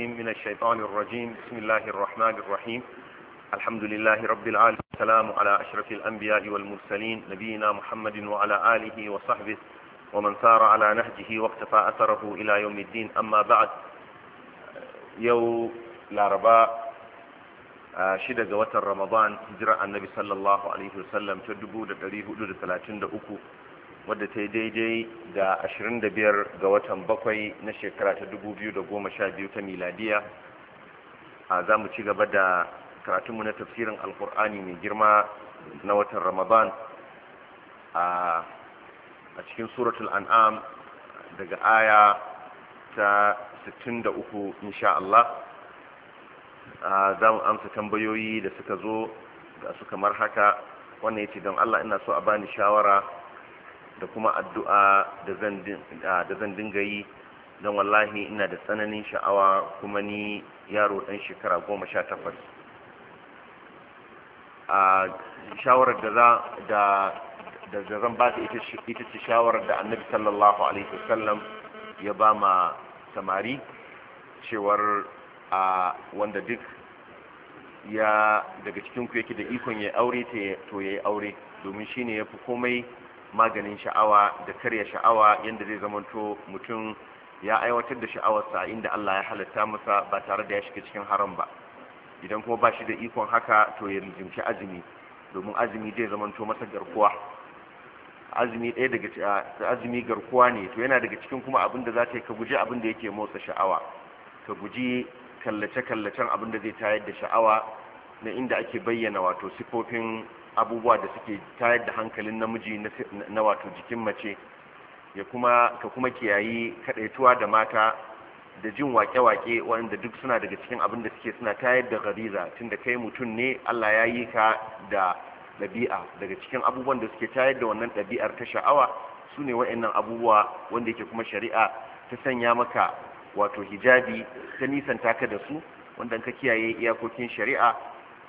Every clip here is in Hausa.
العظيم من الشيطان الرجيم بسم الله الرحمن الرحيم الحمد لله رب العالمين السلام على أشرف الأنبياء والمرسلين نبينا محمد وعلى آله وصحبه ومن سار على نهجه واقتفى أثره إلى يوم الدين أما بعد يو لارباء آه، شدة وتر رمضان هجرة النبي صلى الله عليه وسلم تدبو لتريه لتلاتين دقوق wadda ta yi daidai da 25 ga watan bakwai na shekara ta 2012 ta miladiya a za mu ci gaba da karatunmu na tafsirin alkur'ani mai girma na watan ramadan a cikin suratul an'am daga aya ta 63 insha Allah za mu amsa tambayoyi da suka zo ga su kamar haka wannan yace don Allah ina so a bani shawara da kuma addu'a da zan dinga yi don wallahi ina da tsananin sha'awa kuma ni yaro ɗan shekara goma sha takwas a shawarar da za da zan ba ta ita ce shawarar da annabi sallallahu alaihi wasallam ya ba ma samari cewar a wanda duk ya daga cikin ku yake da ikon ya aure to ya aure domin shine ya fi komai maganin sha'awa da karya sha'awa yadda zai zamanto mutum ya aiwatar da sha'awarsa inda Allah ya halatta masa ba tare da ya shiga cikin haram ba idan kuma ba shi da ikon haka to ya rijimci azumi domin azumi zai zamanto masa garkuwa azumi ɗaya daga azumi garkuwa ne to yana daga cikin kuma abin da za ta yi ka guji abinda yake motsa sha'awa ka guji kallace-kallacen abin da zai tayar da sha'awa na inda ake bayyana wato sifofin abubuwa da suke tayar da hankalin namiji na wato jikin mace ya kuma ka kuma kiyayi kadaituwa da mata da jin wake-wake wanda duk suna daga cikin abin da suke suna tayar da gariza tunda kai mutum ne Allah ya yi ka da ɗabi'a daga cikin abubuwan da suke tayar da wannan ɗabi'ar ta sha'awa su ne wa'annan abubuwa wanda yake kuma shari'a ta sanya maka wato hijabi ta nisanta ka da su wanda ka kiyaye iyakokin shari'a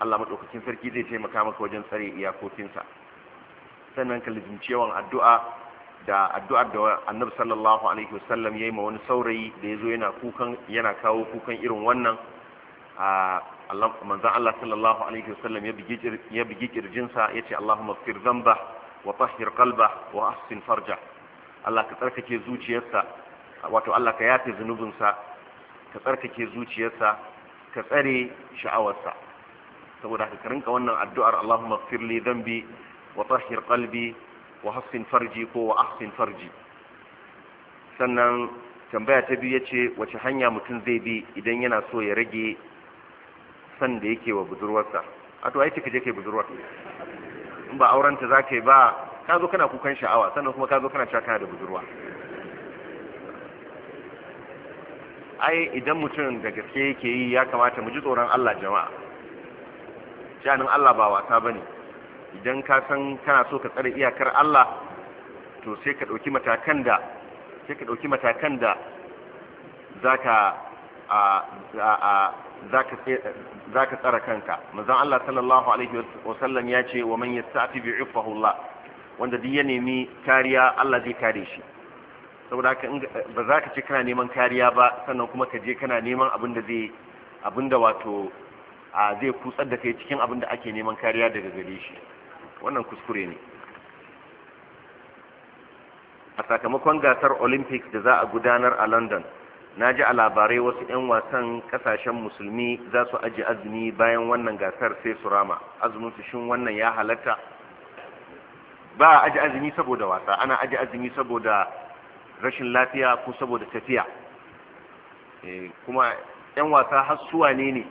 Allah maɗaukakin sarki zai taimaka maka wajen tsare iyakokinsa sannan ka lizincewan addu'a da addu'ar da annabi sallallahu alaihi wasallam ya yi ma wani saurayi da ya zo yana kukan yana kawo kukan irin wannan a manzan Allah sallallahu alaihi wasallam ya bigi kirjinsa ya ce Allahumma fir zamba wa tahhir qalba wa ahsin farja Allah ka tsarkake zuciyarsa wato Allah ka yafe zunubinsa ka tsarkake zuciyarsa ka tsare sha'awarsa saboda haka karinka wannan addu'ar Allahumma ighfir li dhanbi wa tahhir qalbi wa hassin farji ko wa ahsin farji sannan tambaya ta biyu yace wace hanya mutum zai bi idan yana so ya rage san da yake wa budurwarsa a to ai kika je kai budurwar in ba auren ta zaka yi ba ka zo kana kukan sha'awa sannan kuma ka zo kana cewa da budurwa ai idan mutum da gaske yake yi ya kamata mu ji tsoron Allah jama'a shanin Allah ba wasa ne idan ka san kana so ka tsare iyakar Allah to sai ka ɗauki matakan da sai ka ɗauki matakan da za ka za ka tsara kanka mazan Allah sallallahu alaihi wasallam ya ce wa man yasta'fi bi Allah wanda duk ya nemi kariya Allah zai kare shi saboda haka ba za ka ce kana neman kariya ba sannan kuma ka je kana neman abin da zai abin da wato a zai kutsar da kai cikin abin da ake neman kariya daga gare shi wannan kuskure ne a sakamakon gasar olympics da za a gudanar a london na ji a labarai wasu 'yan wasan kasashen musulmi za su aji azumi bayan wannan gasar sai su rama azumin su shin wannan ya halatta ba a aji azumi saboda wasa ana aji azumi saboda rashin lafiya ko saboda tafiya eh, kuma 'yan wasa har suwa ne ne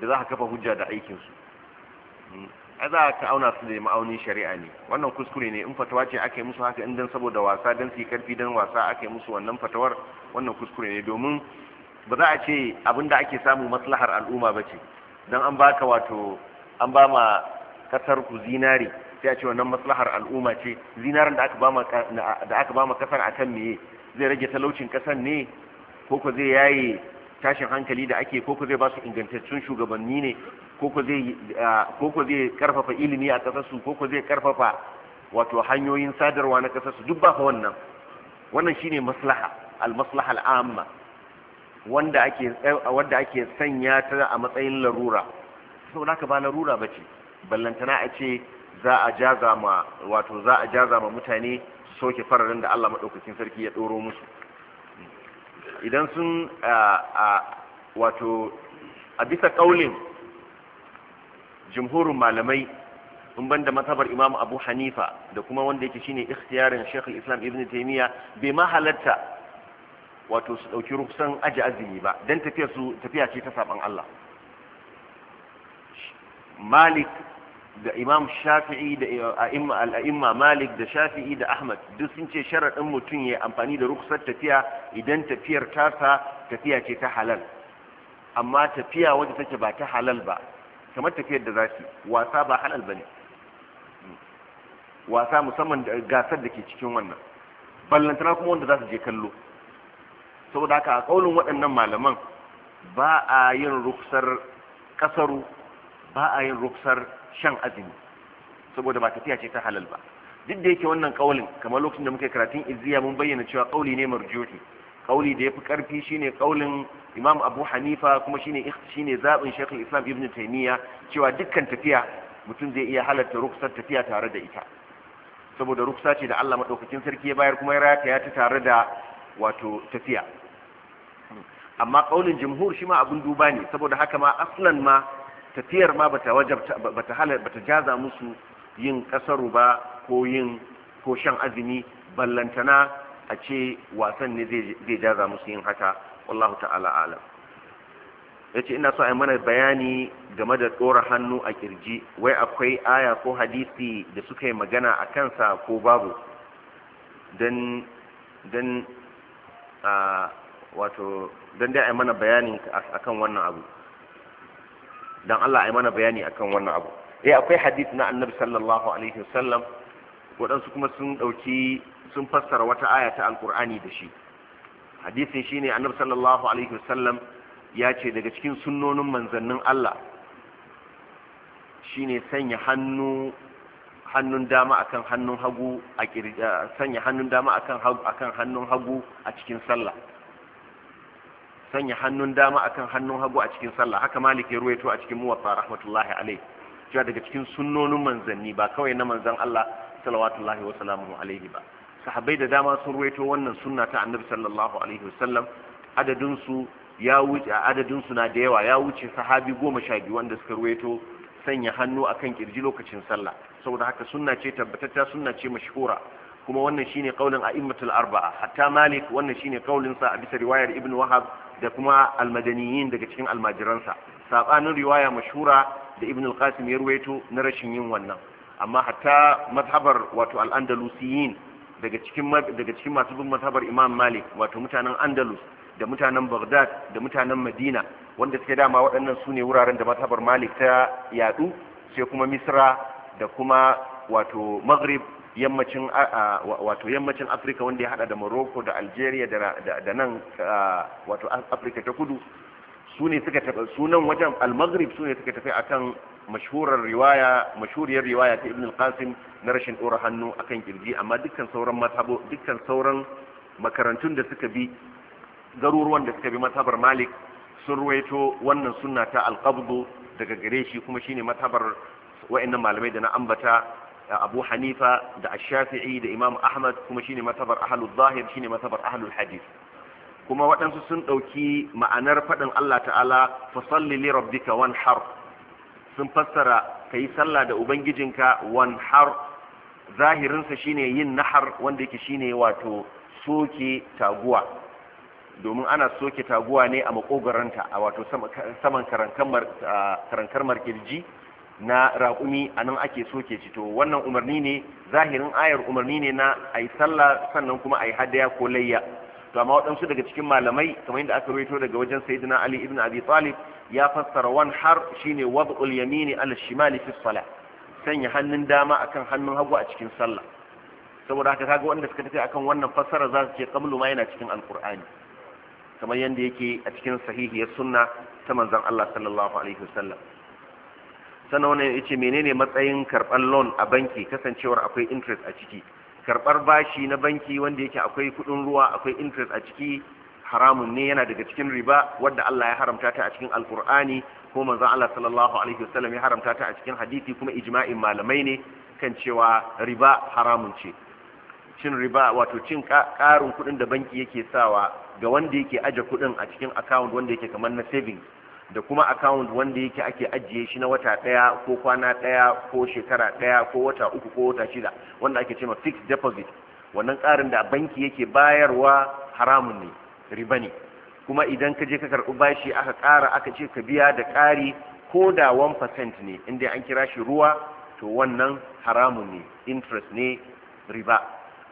da za ka kafa hujja da aikinsu hmm. a za ka auna su da ma'aunin shari'a ne wannan kuskure ne in fatawa ce aka yi musu haka in dan saboda wasa dan su yi karfi dan wasa aka yi musu wannan fatawar wannan kuskure ne domin ba za a ce abin da ake samu maslahar al'umma ba ce don an baka wato an ba ma kasar ku zinari sai a ce wannan maslahar al'umma ce zinarin da aka ba ma kasar akan meye zai rage talaucin kasar ne ko ko zai yaye tashin hankali da ake koko zai ba su ingantaccen shugabanni ne koko zai karfafa ilimi a kasarsu koko zai karfafa wato hanyoyin sadarwa na kasarsu duk ba fa wannan wannan shine maslaha al-maslaha almaslaha al'amma wanda ake eh, wanda ake sanya ta a matsayin larura da ka ba larura ce ballantana a ce za a jaza ma wato za a jaza ma mutane soke fararen da Allah madaukakin sarki ya ɗoro musu idan sun wato a bisa kaulin jumhurin malamai in banda matabar imam abu hanifa da kuma wanda yake shine ikhtiyarin shekul islam ibn taimiyya bai ma halatta wato su ɗauki ruksan aji azumi ba don tafiya ce ta saban allah malik da imam shafi'i da al'imma malik da shafi'i da ahmad duk sun ce sharaɗin mutum ya amfani da rukusar tafiya idan tafiyar tasa tafiya ce ta halal amma tafiya wadda take ba ta halal ba kamar tafiyar da za su wasa ba halal ba ne wasa musamman gasar da ke cikin wannan ballantana kuma wanda za su je kallo saboda haka a kaulin waɗannan malaman ba a yin rukusar ƙasaru ba a yin rukusar shan azumi saboda ba tafiya ce ta halal ba duk da yake wannan kaulin kamar lokacin da muka karatun izziya mun bayyana cewa kauli ne marjuhi kauli da yafi karfi shine kaulin Imam Abu Hanifa kuma shine shine zabin Sheikh Islam Ibn Taymiyyah cewa dukkan tafiya mutum zai iya halarta ruksar tafiya tare da ita saboda ruksa ce da Allah madaukakin sarki ya bayar kuma ya rataya ta tare da wato tafiya amma kaulin jumhur shi ma abun duba ne saboda haka ma aslan ma tafiyar ma bata bata jaza musu yin kasaru ba ko yin ko shan azumi ballantana a ce wasan ne zai jaza musu yin haka wallahu ta'ala alam yace ina so a mana bayani game da tsora hannu a kirji wai akwai aya ko hadisi da suka yi magana a kansa ko babu don don a ah, wato don dai a mana bayanin akan wannan abu dan Allah ai mana bayani akan wannan abu eh akwai hadith na annabi sallallahu alaihi wasallam waɗansu kuma sun dauki sun fassara wata aya ta alqur'ani da shi hadisin shine annabi sallallahu alaihi wasallam ya ce daga cikin sunnonin manzannin Allah shine sanya hannu hannun dama akan hannun hagu a sanya hannun dama akan akan hannun hagu a cikin sallah sanya hannun dama akan hannun hagu a cikin sallah haka malik ya ruwaito a cikin muwafa rahmatullahi alaihi cewa daga cikin sunnonin manzanni ba kawai na manzan Allah salawatullahi wa salamu alaihi ba sahabbai da dama sun ruwaito wannan sunna ta annabi sallallahu alaihi wasallam adadin su ya wuce adadin su na da yawa ya wuce sahabi goma sha biyu wanda suka ruwaito sanya hannu akan kirji lokacin sallah saboda haka sunna ce tabbatatta sunna ce mashhura kuma wannan shine kaulin a'immatul arba'a hatta malik wannan shine kaulin sa a bisa riwayar ibn wahab da kuma almadaniyin daga cikin almajiransa sabanin riwaya mashura da ibn al-qasim ya ruwaito na rashin yin wannan amma hatta mazhabar wato al-andalusiyin daga cikin daga cikin masu bin mazhabar imam malik wato mutanen andalus da mutanen baghdad da mutanen madina wanda suke dama waɗannan su ne wuraren da mazhabar malik ta yadu sai kuma misra da kuma wato maghrib yammacin wato yammacin afirka wanda ya hada da morocco da algeria da nan wato afirka ta kudu su ne suka tafi sunan wajen al-maghrib su ne suka tafi akan mashhurar riwaya mashhuriyar riwaya ta ibn al-qasim na rashin dora hannu akan kirji amma dukkan sauran matabo dukkan sauran makarantun da suka bi garuruwan da suka bi matabar malik sun ruwaito wannan sunna ta al daga gare shi kuma shine matabar wa'annan malamai da na ambata abu hanifa da ash-shafi'i da imam ahmad kuma shine matabar ahlul zahir shine matabar ahlul hadith kuma waɗansu sun ɗauki ma'anar faɗin Allah ta'ala fasalli li rabbika wanhar sun fassara kayi sallah da ubangijinka wanhar zahirinsa shine yin nahar wanda yake shine wato soke taguwa domin ana soke taguwa ne a makogaranta a wato saman karankar markirji na raƙumi a nan ake soke shi to wannan umarni ne zahirin ayar umarni ne na a yi sallah sannan kuma a yi hadaya ko layya to amma waɗansu daga cikin malamai kamar yadda aka rawaito daga wajen sayyidina ali ibn abi talib ya fassara wan har shine wad'ul yamini ala shimali fi salah sanya hannun dama akan hannun hagu a cikin sallah saboda haka kaga wanda suka tafi akan wannan fassara za su ce qablu ma yana cikin alqur'ani kamar yadda yake a cikin sahihiyar sunna ta manzon Allah sallallahu alaihi wasallam sannan wannan mene menene matsayin karɓar loan a banki kasancewar akwai interest a ciki karɓar bashi na banki wanda yake akwai kuɗin ruwa akwai interest a ciki haramun ne yana daga cikin riba wadda Allah ya haramta ta a cikin alkur'ani ko manzon Allah sallallahu alaihi wasallam ya haramta ta a cikin hadisi kuma ijma'in malamai ne kan cewa riba haramun ce cin riba wato cin karin kudin da banki yake sawa ga wanda yake aje kudin a cikin account wanda yake kamar na savings da kuma account wanda yake ake ajiye shi na wata ɗaya ko kwana ɗaya ko shekara ɗaya ko wata uku ko wata shida wanda ake cewa fixed deposit wannan karin da banki yake bayarwa haramun ne riba ne kuma idan ka je ka karɓi bashi aka ƙara aka ce ka biya da ƙari ko da 1% ne inda an kira shi ruwa to wannan haramun ne interest ne riba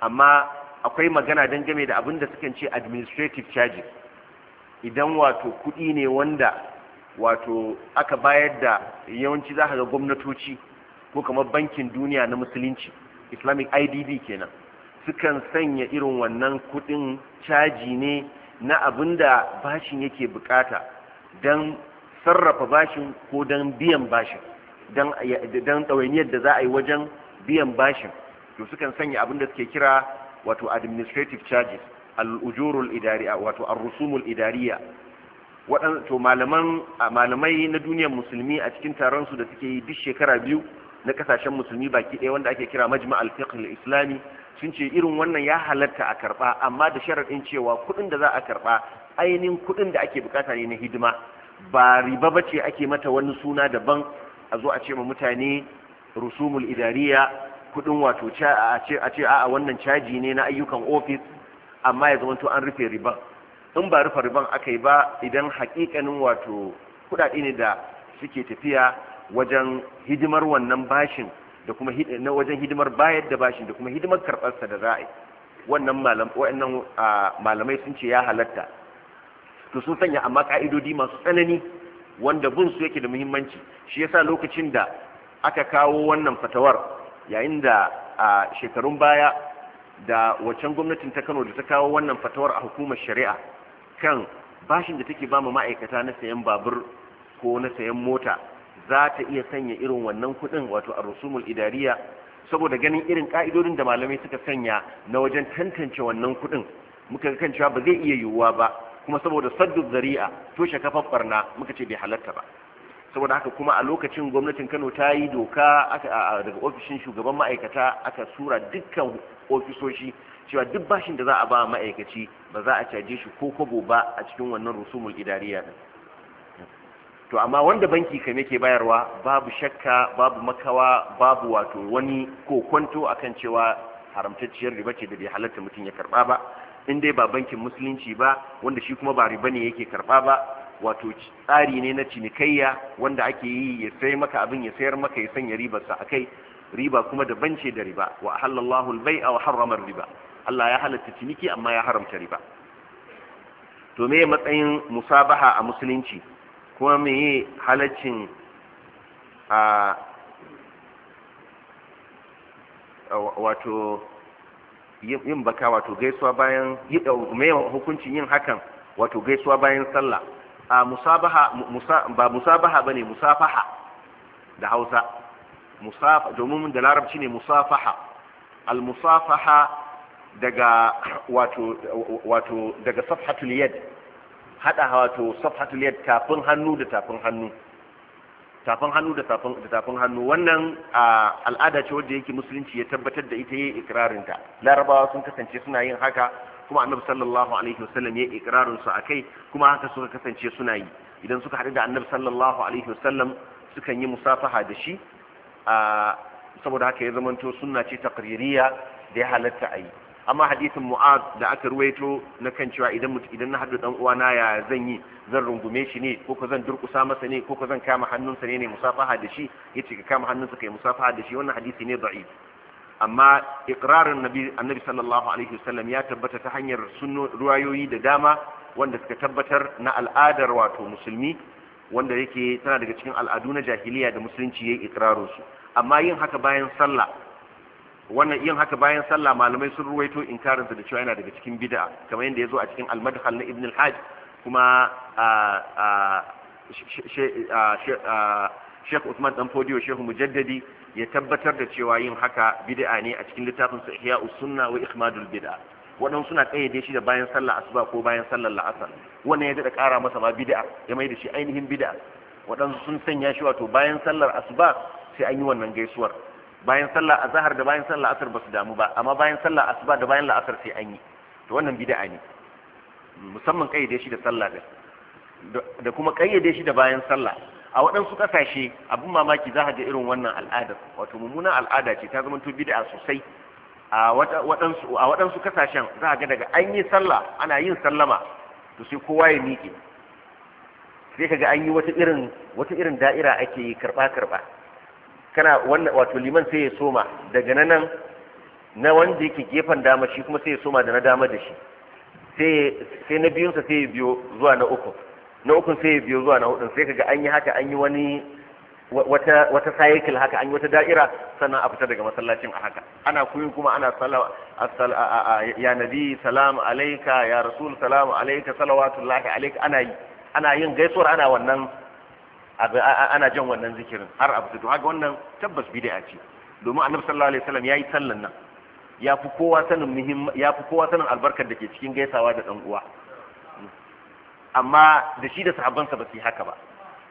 amma akwai magana game da abin da sukan ce administrative charges idan wato kuɗi ne wanda wato aka bayar da yawanci za ka ga gwamnatoci ko kamar bankin duniya na musulunci islamic idb kenan sukan sanya irin wannan kudin caji ne na abin da bashin yake bukata don sarrafa bashin ko don biyan bashin don ɗawainiyar da za a yi wajen biyan bashin to sukan sanya abin da suke kira wato administrative charges al-ujurul idariya wato ar-rusumul idariya To malamai na duniyar musulmi a cikin taron su da suke yi duk shekara biyu na kasashen musulmi baki ɗaya wanda ake kira majma al islami sun ce irin wannan ya halatta a karba amma da sharaɗin cewa kuɗin da za a karba ainihin kuɗin da ake bukata ne na hidima ba riba ba ce ake mata wani suna daban a zo a ce ma mutane rusumul idariya kuɗin wato a ce a wannan caji ne na ayyukan ofis amma ya zama to an rufe riban in ba rufe riban aka yi ba idan hakikanin wato kuɗaɗe ne da suke tafiya wajen hidimar wannan bashin da kuma na wajen hidimar bayar da bashin da kuma hidimar karɓarsa da za yi wannan malamai sun ce ya halatta to sun sanya amma ka'idodi masu tsanani wanda bin su yake da muhimmanci shi yasa lokacin da aka kawo wannan fatawar yayin da a shekarun baya da waccan gwamnatin ta Kano da ta kawo wannan fatawar a hukumar shari'a kan bashin da take ba mu ma'aikata na sayan babur ko na sayan mota za ta iya sanya irin wannan kuɗin wato a rusumul idariya saboda ganin irin ka'idodin da malamai suka sanya na wajen tantance wannan kuɗin muka ga kan cewa ba zai iya yiwuwa ba kuma saboda saddu zari'a toshe kafar barna muka ce bai halarta ba saboda haka kuma a lokacin gwamnatin Kano ta yi doka daga ofishin shugaban ma'aikata aka sura dukkan ofisoshi cewa duk bashin da za a ba ma'aikaci ba za a caje shi ko kobo ba a cikin wannan rusumul idariya din to amma wanda banki kan yake bayarwa babu shakka babu makawa babu wato wani ko kwanto a kan cewa haramtacciyar riba ce da bai halatta mutum ya karba ba in dai ba bankin musulunci ba wanda shi kuma ba riba ne yake karba ba wato tsari ne na cinikayya wanda ake yi ya sai maka abin ya sayar maka ya sanya ribarsa a kai riba kuma da ce da riba wa halallahu albai'a wa harramar riba Allah ya halatta ciniki amma ya haramta riba to me matsayin musabaha a musulunci kuma me halaccin a wato yin baka wato gaisuwa bayan me hukuncin yin hakan wato gaisuwa bayan sallah a musabaha ba musabaha bane musafaha da Hausa musafa domin da larabci ne musafaha al musafaha daga wato wato daga safhatul yad hada wato safhatul yad tafin hannu da tafin hannu tafin hannu da tafin da tafin hannu wannan al'ada ce wanda yake musulunci ya tabbatar da ita yayin ikrarin ta larabawa sun kasance suna yin haka kuma annabi sallallahu alaihi wasallam yayin ikrarin su akai kuma haka suka kasance suna yi idan suka hadu da annabi sallallahu alaihi wasallam sukan yi musafaha da shi saboda haka ya zamanto sunna ce taqririya da ya halatta a yi amma hadisin mu'ad da aka ruwaito na kan cewa idan idan na haɗu dan uwana ya zan yi zan rungume shi ne ko ko zan durƙusa masa ne ko ko zan kama hannunsa ne ne musafaha da shi yace ka kama hannunsa kai musafaha da shi wannan hadisi ne da'if amma iqrarin nabi annabi sallallahu alaihi wasallam ya tabbata ta hanyar sunno ruwayoyi da dama wanda suka tabbatar na al'adar wato musulmi wanda yake tana daga cikin al'adu na jahiliya da musulunci yayi iqrarin su amma yin haka bayan sallah wannan yin haka bayan sallah malamai sun ruwaito inkarin da cewa yana daga cikin bid'a kamar yadda yazo a cikin al-madkhal na ibn al-hajj kuma Sheikh Usman dan Fodiyo Sheikh Mujaddadi ya tabbatar da cewa yin haka bid'a ne a cikin littafin sa Ihya sunna wa Ikhmadul Bid'a wannan suna kayyade shi da bayan sallah asuba ko bayan sallar la'asar wannan ya da ƙara masa ma bid'a ya mai da shi ainihin bid'a wadansu sun sanya shi wato bayan sallar asuba sai an yi wannan gaisuwar bayan sallah azhar da bayan sallah asr ba su damu ba amma bayan sallah asuba da bayan la'asar sai an yi to wannan bid'a ne musamman kayyade shi da sallah da da kuma kayyade shi da bayan sallah a waɗansu ƙasashe abin mamaki za ga irin wannan al'adar wato mummunan al'ada ce ta zama to bid'a sosai a waɗansu kasashen za ga daga an yi sallah ana yin sallama to sai kowa ya miƙe sai ka ga an yi wata irin wata irin da'ira ake karɓa karɓa kana wannan wato liman sai ya soma daga nan na wanda yake gefen dama shi kuma sai ya soma da na dama da shi sai na biyunsa sai ya biyo zuwa na uku na ukun sai ya biyo zuwa na hudun sai kaga an yi haka an yi wani wata wata cycle haka an yi wata da'ira sannan a fita daga masallacin a haka ana kuyi kuma ana ya nabi salam alaika ya rasul salam alaika salawatullahi alaika ana yi ana yin gaisuwar ana wannan ana jan wannan zikirin har abu to haka wannan tabbas bid'a ce domin annabi sallallahu alaihi wasallam yayi sallan nan ya fi kowa sanin muhim kowa sanin albarkar da ke cikin gaisawa da dan uwa amma da shi da sahabbansa ba su yi haka ba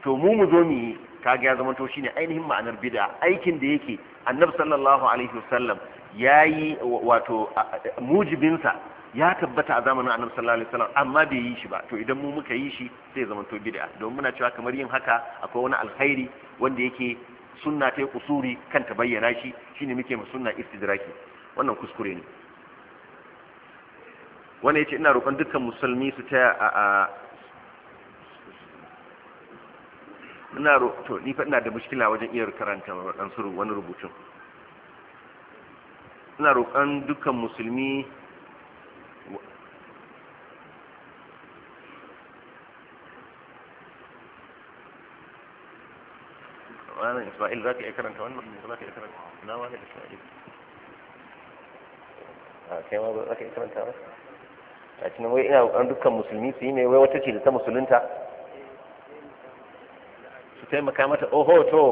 to mu mu zo mu yi kaga ya zamanto shine ainihin ma'anar bid'a aikin da yake annabi sallallahu alaihi wasallam yayi wato mujibinsa ya tabbata a zamanin annabi sallallahu alaihi wasallam amma bai yi shi ba to idan mu muka yi shi sai zama to bid'a don muna cewa kamar yin haka akwai wani alkhairi wanda yake sunna ta kusuri kan ta bayyana shi shine muke mu sunna istidraki wannan kuskure ne wanda yace ina roƙon dukkan musulmi su ta a ina to ni fa ina da mushkila wajen iya karanta dan suru wani rubutun ina roƙon dukkan musulmi ƙananan isma'il za ka iya karanta wannan ne za ka iya karanta na wani isma'il a kai ma za ka iya karanta ba a cikin wai ina an dukkan musulmi su yi ne wai wata ce da ta musulunta su taimaka mata oho to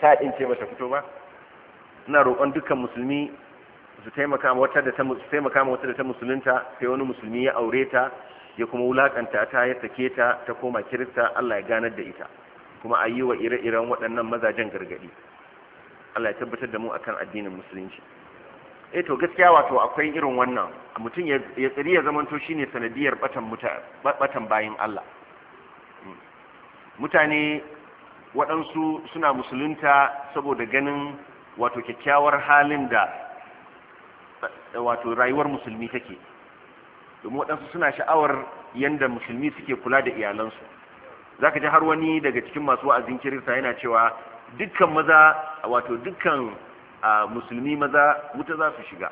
ta ɗince ba ta fito ba ina roƙon dukkan musulmi su taimaka wata da ta taimaka wata da ta musulunta sai wani musulmi ya aure ta ya kuma wulakanta ta ya sake ta ta koma kirista Allah ya ganar da ita kuma a yi wa ire-iren waɗannan mazajen gargaɗi Allah ya tabbatar da mu akan addinin musulunci eh to gaskiya wato akwai irin wannan mutum ya tsiri ya zamanto shine sanadiyar batan batan bayin Allah hmm. mutane waɗansu suna musulunta saboda ganin wato kyakkyawar halin da eh, wato rayuwar musulmi take domin waɗansu suna sha'awar yanda musulmi suke kula da iyalansu Za ka ji har wani daga cikin masu wa'azin kirista yana cewa dukkan maza wato dukkan musulmi maza wuta za su shiga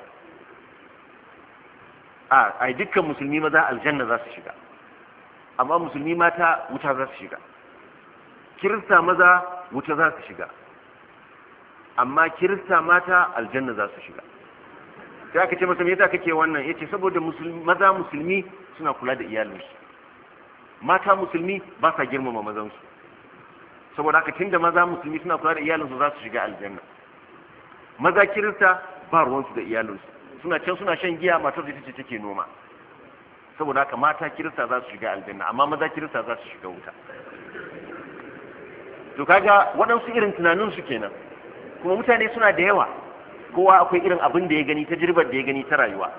a dukkan musulmi maza aljanna za su shiga amma musulmi mata wuta za su shiga kirista maza wuta za su shiga amma kirista mata aljanna za su shiga ta aka ce masa me yasa kake wannan yace saboda maza musulmi suna kula da iyalinsu mata musulmi ba sa girmama mazansu saboda haka tunda maza musulmi suna kula da iyalinsu za su shiga aljanna maza kirista ba ruwansu da iyalinsu suna can suna shan giya matar da ita ce take noma saboda haka mata kirista za su shiga aljanna amma maza kirista za su shiga wuta to kaga waɗansu irin tunanin su kenan kuma mutane suna da yawa kowa akwai irin abin da ya gani ta jirbar da ya gani ta rayuwa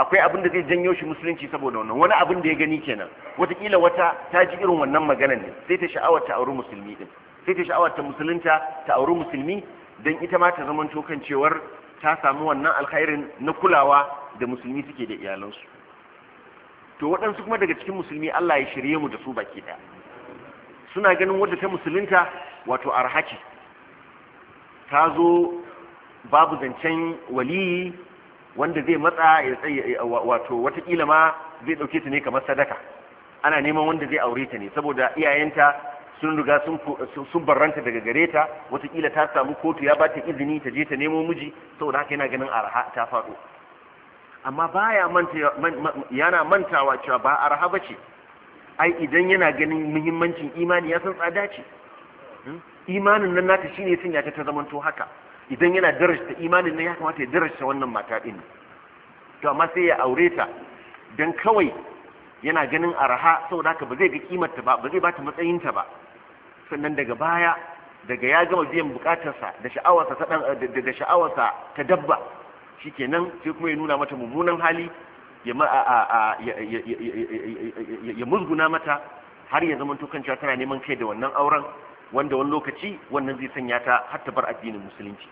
akwai abin da zai janyo shi musulunci saboda wannan wani abin da ya gani kenan watakila wata ta ji irin wannan maganar ne sai ta sha'awar ta auri musulmi din sai ta sha'awar ta musulunta ta auri musulmi don ita ma ta zama kan cewar ta samu wannan alkhairin na kulawa da musulmi suke da iyalansu to waɗansu kuma daga cikin musulmi Allah ya shirye mu da su baki ɗaya suna ganin wadda ta musulunta wato arhaki ta zo babu zancen waliyi wanda zai matsa ya tsaye wato watakila ma zai dauke ta ne kamar sadaka ana neman wanda zai aure ta ne saboda iyayenta sun riga sun barranta daga gare ta watakila ta samu kotu ya bata izini ta je ta nemo miji saboda haka yana ganin araha ta faɗo amma baya manta yana mantawa cewa ba araha bace ai idan yana ganin muhimmancin imani ya san tsada ce hmm? imanin nan nata shine sun ya ta zamanto haka idan yana darasta imanin nan ya kamata ya darasta wannan mata din to amma sai ya aure ta dan kawai yana ganin araha saboda haka ba zai ga kimarta ba ba zai ba ta matsayinta ba sannan daga baya daga ya gama biyan bukatarsa da sha'awarsa ta da shi ta dabba shikenan sai kuma ya nuna mata mummunan hali ya ya musguna mata har ya zama tukan tana neman kai da wannan auren wanda wani lokaci wannan zai sanya ta har ta bar addinin musulunci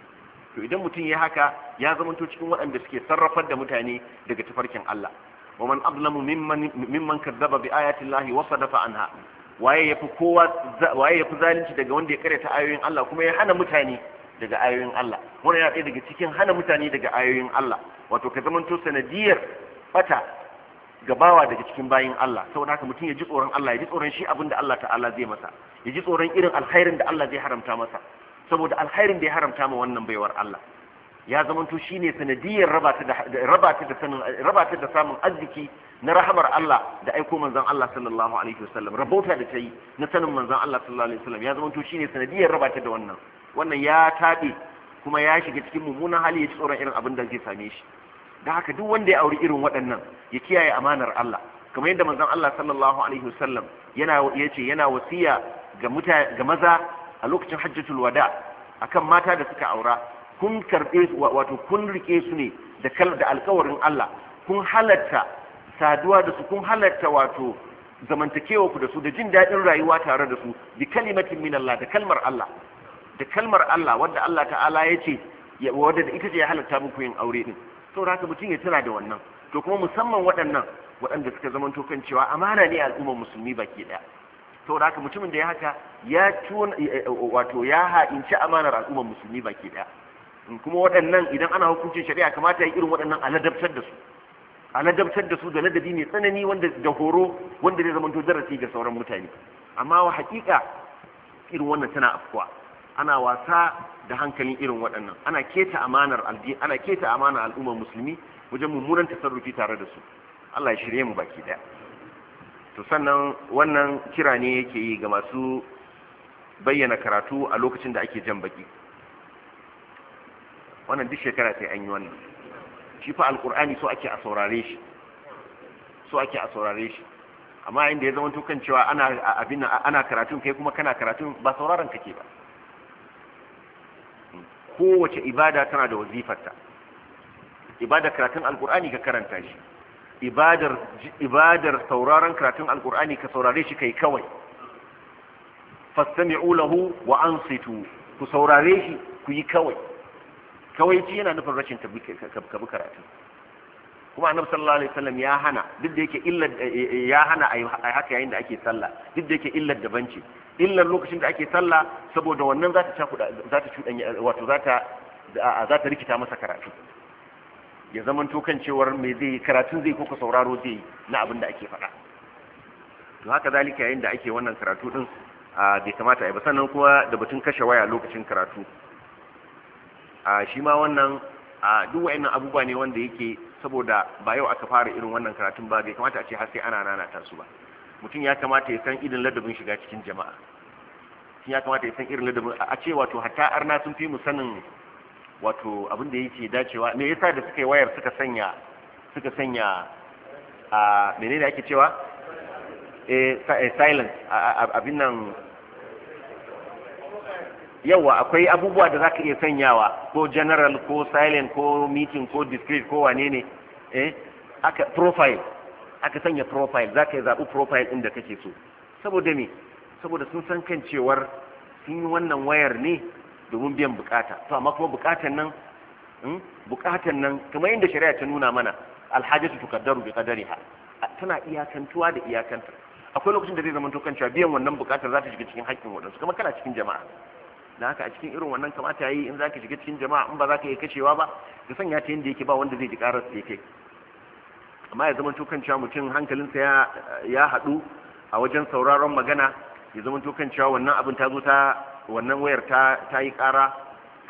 to idan mutum ya haka ya zamanto cikin waɗanda suke sarrafar da mutane daga tafarkin Allah wa man azlamu mimman mimman kazzaba bi ayati llahi wa sadafa anha waye yafi kowa waye yafi zalunci daga wanda ya karyata ayoyin Allah kuma ya hana mutane daga ayoyin Allah mun ya ɗaya daga cikin hana mutane daga ayoyin Allah wato ka to sanadiyar bata gabawa daga cikin bayin Allah saboda haka mutum ya ji tsoron Allah ya ji tsoron shi abinda Allah ta'ala zai masa ya ji tsoron irin alkhairin da Allah zai haramta masa saboda alkhairin da ya haramta ma wannan baiwar Allah ya to shine sanadiyar raba ta da samun arziki na rahamar Allah da aiko manzon Allah sallallahu alaihi wasallam rabota da tayi na sanin manzon Allah sallallahu alaihi wasallam ya zamanto shine sanadiyar rabata da wannan wannan ya tabe kuma ya shiga cikin mummunan hali ya ci tsoron irin abin da zai same shi da haka duk wanda ya auri irin waɗannan ya kiyaye amanar Allah kamar yadda manzon Allah sallallahu alaihi wasallam yana yace yana wasiya ga ga maza a lokacin hajjatul wada akan mata da suka aura kun karbe su wato kun rike su ne da kal da alkawarin Allah kun halatta saduwa da su kun halatta wato zamantakewa ku da su da jin daɗin rayuwa tare da su bi kalimatin min Allah da kalmar Allah da kalmar Allah wanda Allah ta'ala ya ce wadda da ita ce ya halatta muku yin aure din to haka mutum ya tuna da wannan to kuma musamman waɗannan waɗanda suka zamanto kan cewa amana ne al'ummar musulmi baki ɗaya saboda haka mutumin da ya haka ya eh, eh, wato ya ha'inci amanar al'ummar musulmi baki daya kuma waɗannan idan ana hukuncin shari'a kamata ya irin waɗannan aladabtar da su aladabtar da su da ladabi mai tsanani wanda da horo wanda zai zamanto darasi ga sauran mutane amma wa hakika irin wannan tana afkuwa ana wasa da hankalin irin waɗannan ana keta amanar aldi ana keta amanar al'ummar musulmi wajen mummunan tasarrufi tare da su Allah ya shirye mu baki daya to sannan wannan kira ne yake yi ga masu bayyana karatu a lokacin da ake jan baki wannan duk shekara sai an yi wannan shi fa alkur'ani so ake a saurare shi so ake a saurare shi amma inda ya zama kan cewa ana abin ana karatun kai kuma kana karatun ba sauraron kake ba kowace ibada tana da wazifarta ibada karatun alkur'ani ka karanta shi ibadar ibadar sauraron karatun alqur'ani ka saurare shi kai kawai fastami'u lahu wa ansitu ku saurare shi ku yi kawai kawai ji yana nufin rashin kabu karatu kuma annabi sallallahu alaihi wasallam ya hana duk da yake illa ya hana a haka yayin da ake sallah duk da yake illa daban ce illa lokacin da ake sallah saboda wannan za ta za ta wato za ta za ta rikita masa karatu ya zama tukan cewar mai zai karatun zai kuka sauraro zai yi na abin da ake faɗa to haka zalika yayin da ake wannan karatu din a bai kamata a ba sannan kuma da batun kashe waya lokacin karatu a shi ma wannan a duk wa'annan abubuwa ne wanda yake saboda ba yau aka fara irin wannan karatun ba bai kamata a ce har sai ana ta su ba mutum ya kamata ya san irin ladabin shiga cikin jama'a ya kamata ya san irin ladabin a ce wato hatta arna sun fi mu sanin wato abin da yake dacewa me yasa da suka yi wayar suka sanya suka sanya a menene ake cewa eh silence abin nan yawa akwai abubuwa da zaka iya sanyawa ko general ko silent ko meeting ko discreet ko wane ne eh aka profile aka sanya profile zaka yi zaɓi profile ɗin da kake so saboda me saboda sun san kan cewar sun yi wannan wayar ne domin biyan bukata to amma kuma bukatan nan hmm, bukatan nan kamar yadda shari'a ta nuna mana alhajatu tukaddaru bi qadariha tana iyakantuwa da iyakanta akwai lokacin da zai zama to cewa biyan wannan bukatar za ta shiga cikin haƙƙin wadansu kamar kana cikin jama'a da haka a cikin irin wannan kamata yayi in zaka shiga cikin jama'a in ba za ka iya kashewa ba ka sanya ta yanda yake ba wanda zai ji karar sai kai amma ya zama to cewa mutum hankalinsa ya ya haɗu a wajen sauraron magana ya zama to cewa wannan abin ta zo ta wannan wayar ta yi kara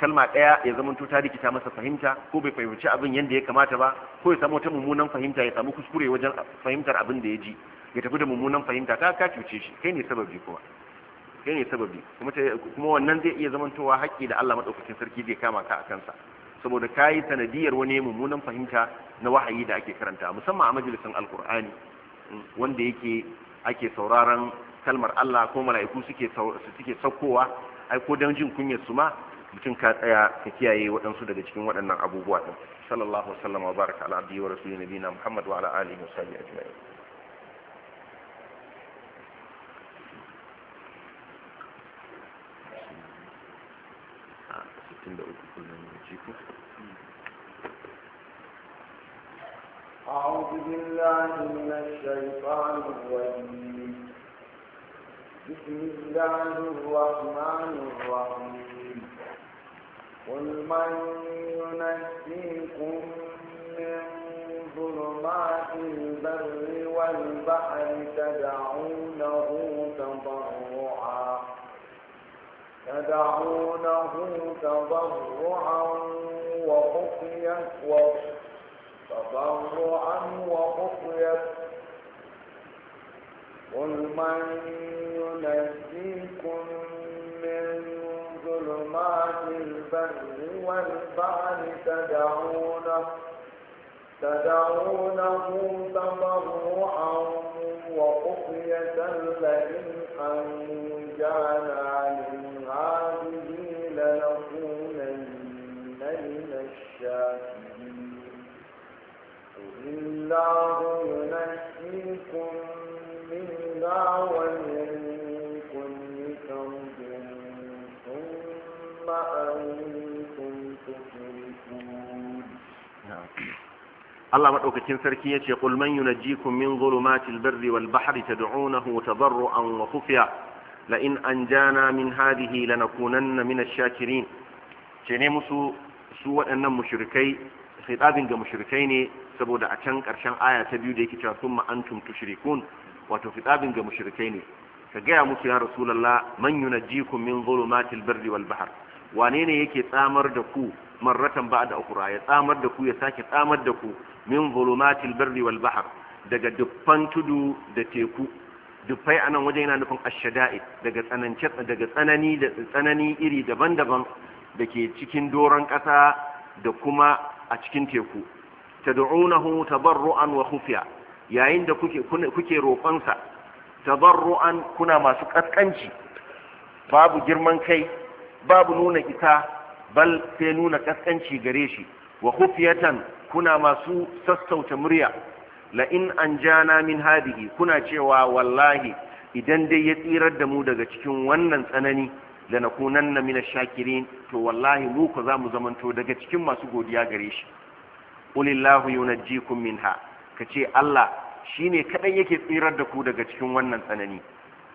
kalma ɗaya ya zama ta rikita masa fahimta ko bai fahimci abin yadda ya kamata ba ko ya samu wata mummunan fahimta ya samu kuskure wajen fahimtar abin da ya ji ya tafi da mummunan fahimta ta ka cuce shi kai ne sababi kuma kai ne sababi kuma wannan zai iya zamantowa haƙƙi da Allah madaukakin sarki zai kama ka a kansa saboda ka yi sanadiyar wani mummunan fahimta na wahayi da ake karanta musamman a majalisar alkur'ani wanda yake ake sauraron kalmar Allah ko mala'iku suke suke saukowa ai ko dan jin kunyar su ma mutum ka tsaya ka kiyaye waɗansu daga cikin waɗannan abubuwa din sallallahu alaihi wa baraka ala abdihi wa rasuli nabina muhammad wa ala alihi wa sahbihi ajma'in أعوذ بالله من الشيطان الرجيم بسم الله الرحمن الرحيم قل من ينجيكم من ظلمات البر والبحر تدعونه تضرعا تدعونه تضرعا وخفية تضرعا وخفية قل من ينجيكم من ظلمات البر والبحر تدعونه تدعونه تضرعا وخفية لئن أنجانا من هذه لنكونن من الشاكرين قل الله ينجيكم نارا من كل كوج ثم أنتم تخرجون Allah maɗaukacin sarki ya ce qul man yunajjikum min zulumatil birri wal bahri tad'unahu tadarruan wa khufiya la in anjana min hadhihi lanakunanna min ash-shakirin ce ne musu su waɗannan mushrikai sai ga mushrikai ne saboda a can ƙarshen aya ta biyu da yake cewa summa antum tushrikun wato fitsabin ga mushrikai ne ka gaya muku ya rasulullah man yunajjikum min zulumatil barri wal bahr wane ne yake tsamar da ku marratan ba'da ukura ya tsamar da ku ya sake tsamar da ku min zulumatil barri wal bahr daga dukkan tudu da teku dukai a nan wajen yana nufin ashada'i daga tsanance daga tsanani da tsanani iri daban-daban da ke cikin doron ƙasa da kuma a cikin teku tad'unahu tabarru'an wa khufiya yayin da kuke kuke roƙonsa tabarru'an kuna masu kaskanci babu girman kai babu nuna ita bal sai nuna kaskanci gare shi wa khufiyatan kuna masu sassauta murya la in anjana min hadihi kuna cewa wallahi idan dai ya tsirar da mu daga cikin wannan tsanani da na kunan na mina shakirin to wallahi mu ku za mu zamanto daga cikin masu godiya gare shi ulillahu yunajjikum minha ka ce Allah shi ne kaɗan yake tsirar da ku daga cikin wannan tsanani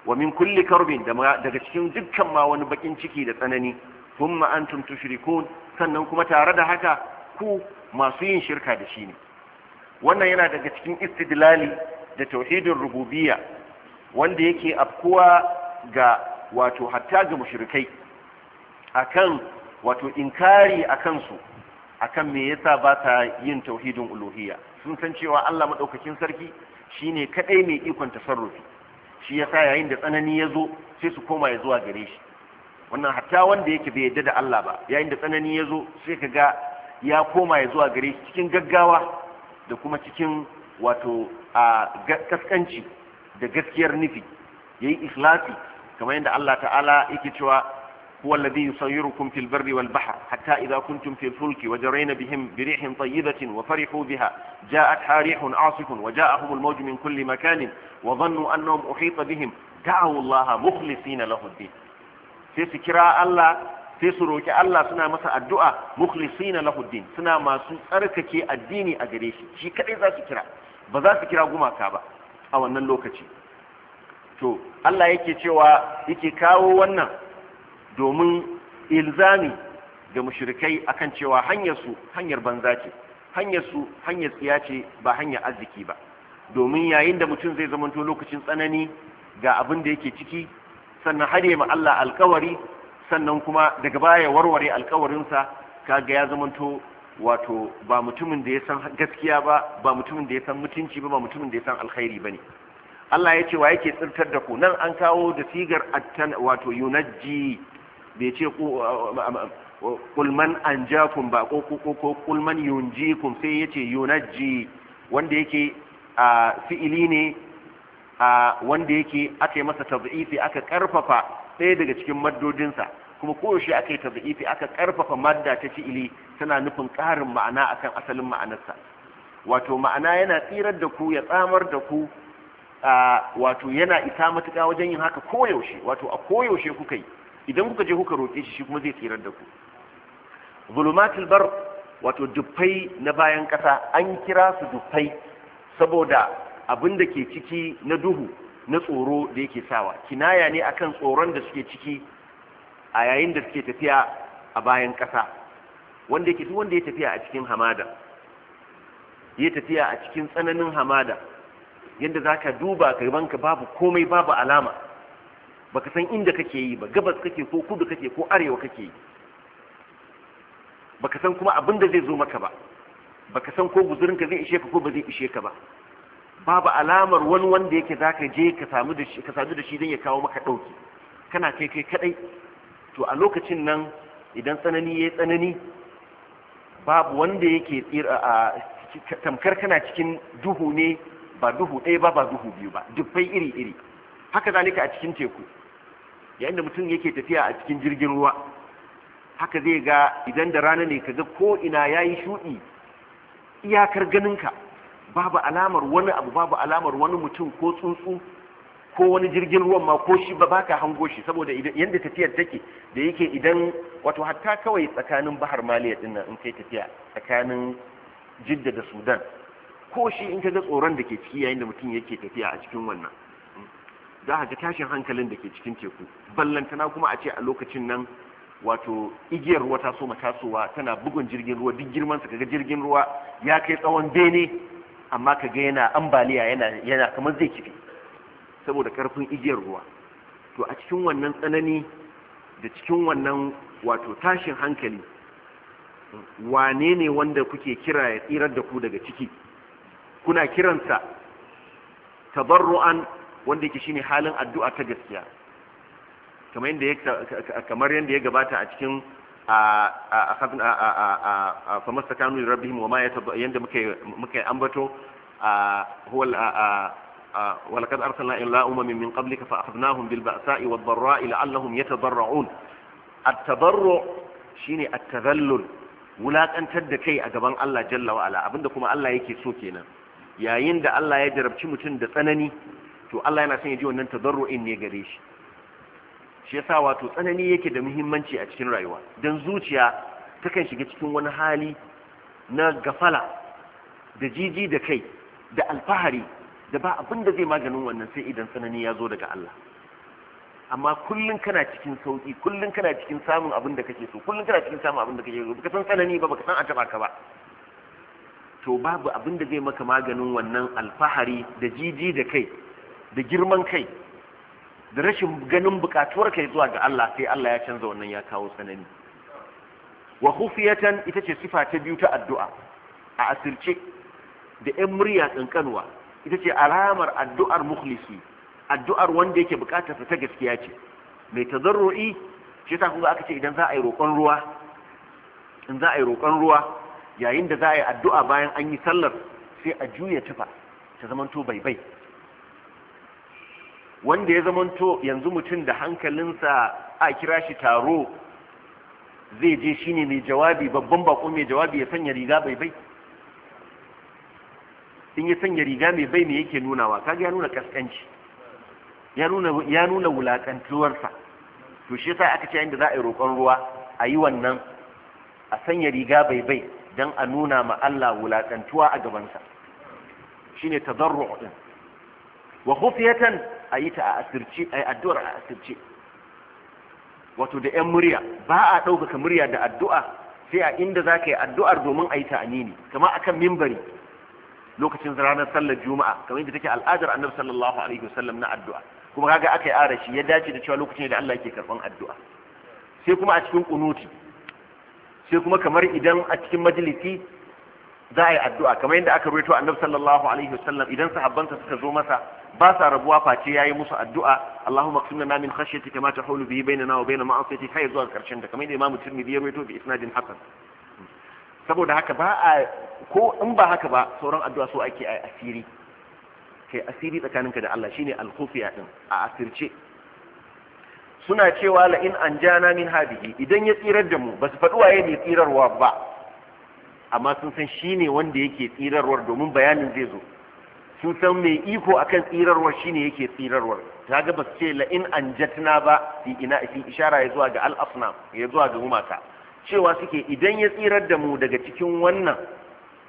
wa min kulli karbin daga cikin dukkan ma wani bakin ciki da tsanani thumma antum tushrikun sannan kuma tare da haka ku masu yin shirka da shi ne wannan yana daga cikin istidlali da tauhidin rububiyya wanda yake afkuwa ga wato hatta ga mushrikai akan wato inkari akan su akan me yasa ba ta yin tauhidin uluhiyya sun san cewa Allah maɗaukakin sarki shine kaɗai mai ikon tasarrufi shi yasa yayin da tsanani ya zo sai su koma ya zuwa gare shi wannan hatta wanda yake bai yadda da Allah ba yayin da tsanani ya zo sai ka ga ya koma ya zuwa gare shi cikin gaggawa da kuma cikin wato a kaskanci da gaskiyar nufi yayi ikhlasi kamar yadda Allah ta'ala yake cewa هو الذي يصيركم في البر والبحر حتى إذا كنتم في الفلك وجرين بهم بريح طيبة وفرحوا بها جاءت حاريح عاصف وجاءهم الموج من كل مكان وظنوا أنهم أحيط بهم دعوا الله مخلصين له الدين في سكراء الله في سروك الله سنا مثلا الدعاء مخلصين له الدين سنا ما سنسركك الدين أجريش شي كذا سكراء بذا سكراء قما كابا أو أن اللوكة شو الله يكي شوى يكي كاو ونه domin ilzami da mushrikai akan cewa hanyar su hanyar banza ce hanyar su hanyar tsiya ce ba hanyar arziki ba domin yayin da mutum zai zamanto lokacin tsanani ga abin da yake ciki sannan har ma Allah alkawari sannan kuma daga baya warware alkawarinsa kaga ya zamanto wato ba mutumin da ya san gaskiya ba ba mutumin da ya san mutunci ba ba mutumin da ya san alkhairi ba ne Allah ya ce wa yake tsirtar da ku nan an kawo da sigar wato yunajji bai ce kulman an kun ba ko kulman kun sai ya ce yunajji wanda yake a fi'ili ne a wanda yake aka yi masa tabi'ifi aka karfafa ɗaya daga cikin maddodinsa kuma koyaushe aka yi tabi'ifi aka karfafa madda ta fi'ili tana nufin karin ma'ana akan asalin ma'anarsa wato ma'ana yana tsirar da ku ya tsamar da ku wato yana isa matuka wajen yin haka koyaushe wato a koyaushe kuka yi idan kuka je kuka roƙe shi shi kuma zai tsirar da ku zulumatul bar wato dufai na bayan ƙasa an kira su dufai saboda abin da ke ciki na duhu na tsoro da yake sawa kinaya ne akan tsoron da suke ciki a yayin da suke tafiya a bayan ƙasa wanda yake duk wanda ya tafiya a cikin hamada ya tafiya a cikin tsananin hamada yadda za ka duba banka babu komai babu alama baka san inda kake yi ba gabas kake ko kudu kake ko arewa kake yi baka san kuma abin da zai zo maka ba baka san ko guzurinka zai ishe ka ko ba zai ishe ka ba babu alamar wani wanda yake za ka je ka samu da shi don ya kawo maka ɗauki kana kai kai kaɗai to a lokacin nan idan tsanani ya yi tsanani babu wanda yake tamkar kana cikin duhu ne ba duhu ɗaya ba ba duhu biyu ba dufai iri iri haka zalika a cikin teku yayin da mutum yake tafiya a cikin jirgin ruwa haka zai ga idan da rana ne kaga ko ina yayi shudi iyakar ganinka babu alamar wani abu babu alamar wani mutum ko tsuntsu ko wani jirgin ruwan ma ko shi ba baka hango shi saboda yadda tafiyar take da yake idan wato hatta kawai tsakanin bahar maliya din in kai tafiya tsakanin jidda da sudan ko shi in ka ga tsoron da ke ciki yayin da mutum yake tafiya a cikin wannan za ka ga tashin hankalin da ke cikin teku ballantana kuma a ce a lokacin nan wato igiyar ruwa ta soma tasowa tana bugun jirgin ruwa duk girman sa kaga jirgin ruwa ya kai tsawon bene amma kaga yana ambaliya yana yana kamar zai kifi saboda karfin igiyar ruwa to a cikin wannan tsanani da cikin wannan wato tashin hankali wane ne wanda kuke kira ya tsirar da ku daga ciki kuna kiransa tabarru'an wanda yake shine halin addu'a ta gaskiya kamar yadda ya kamar ya gabata a cikin a a a a fa mastakanu rabbihim wa ma yanda muke muke ambato a huwa a a wa laqad arsalna ila ummin min qablika fa akhadnahum bil ba'sa'i wad dharra'i la'allahum yatadarra'un at-tadarru' shine at-tadhallul wulaqantar da kai a gaban Allah jalla wa ala abinda kuma Allah yake so kenan yayin da Allah ya jarabci mutum da tsanani to Allah yana son ya ji wannan tadarru'in ne gare shi shi yasa wato tsanani yake da muhimmanci a cikin rayuwa dan zuciya takan shiga cikin wani hali na gafala da jiji da kai da alfahari da ba abin da zai maganin wannan sai idan tsanani ya zo daga Allah amma kullun kana cikin sauki kullun kana cikin samun abin da kake so kullun kana cikin samun abin da kake so baka san tsanani ba baka san a taba ka ba to babu abin da zai maka maganin wannan alfahari da jiji da kai da girman kai da rashin ganin bukatuwar kai zuwa ga Allah sai Allah ya canza wannan ya kawo tsanani wa khufiyatan ita ce sifa ta biyu ta addu'a a asirce da ƴan murya kankanwa ita ce alamar addu'ar mukhlisi addu'ar wanda yake bukatar ta gaskiya ce mai tazarru'i shi ta kuma aka ce idan za a yi roƙon ruwa in za a yi roƙon ruwa yayin da za a yi addu'a bayan an yi sallar sai a juya tufa ta zamanto bai bai wanda ya zamanto yanzu mutum da hankalinsa a kira shi taro zai je shi ne mai jawabi babban bako mai jawabi ya sanya riga bai bai in ya sanya riga mai bai mai yake nunawa kaga ya nuna kaskanci ya nuna wulakantuwarsa to shi yasa aka ce inda za a yi roƙon ruwa a yi wannan a sanya riga bai bai don a nuna ma Allah wulakantuwa a gabansa shine tadarru din wa khufiyatan a yi ta a asirci a yi addu'ar a asirce wato da ‘yan murya ba a ɗaukaka murya da addu'a sai a inda za ka yi addu'ar domin a yi ta anini kama a kan mimbari lokacin ranar sallar juma'a kamar yadda take al'adar annabi sallallahu alaihi wasallam na addu'a kuma kaga aka yi arashi ya dace da cewa lokacin da Allah ke karban addu'a sai kuma a cikin kunuti sai kuma kamar idan a cikin majalisi za a yi addu'a kamar yadda aka ruwaito annabi sallallahu alaihi wasallam idan sahabbanta suka zo masa ba sa rabuwa face yayi musu addu'a Allahumma qsim lana min khashyatika ma tahulu bihi bainana wa bain ma'asiyatik hayya zuwa karshen da kamar yadda Imam Tirmidhi ya ruwaito bi isnadin hasan saboda haka ba a ko in ba haka ba sauran addu'a so ake ai asiri kai asiri tsakaninka da Allah shine al-khufiya din a asirce suna cewa la in anjana min hadihi idan ya tsirar da mu ba su faɗi waye ne tsirarwa ba amma sun san shi ne wanda yake tsirarwar domin bayanin zai zo sun san mai iko akan tsirarwar shi ne yake tsirarwar ta ga basu ce la'in an jatna ba fi ina fi ishara ya zuwa ga al'afna ya zuwa ga gumaka cewa suke idan ya tsirar da mu daga cikin wannan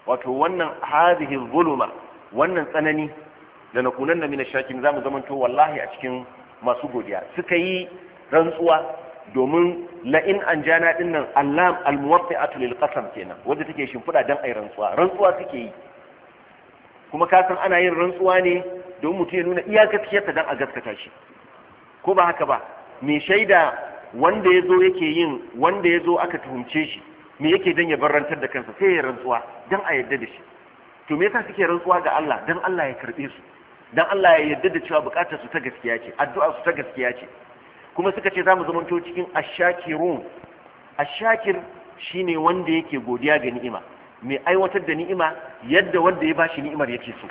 wato wannan hazihin zuluma wannan tsanani da na kunan da mina shakin zamu zamanto wallahi a cikin masu godiya suka yi rantsuwa domin la'in an jana din nan allam almuwaffi'atu lil qasam kenan wanda take shimfiɗa dan ai rantsuwa rantsuwa suke yi kuma ka san ana yin rantsuwa ne don mutum ya nuna iya ta dan a gaskata shi ko ba haka ba me shaida wanda ya zo yake yin wanda ya zo aka tuhumce shi me yake dan ya barantar da kansa sai ya rantsuwa dan a yarda da shi to me yasa suke rantsuwa ga Allah dan Allah ya karbe su dan Allah ya yarda da cewa bukatar su ta gaskiya ce addu'a su ta gaskiya ce kuma suka ce za mu zamanto cikin ashakirun ashakir shine wanda yake godiya ga ni'ima mai aiwatar da ni'ima yadda wanda ya ba shi ni'imar yake so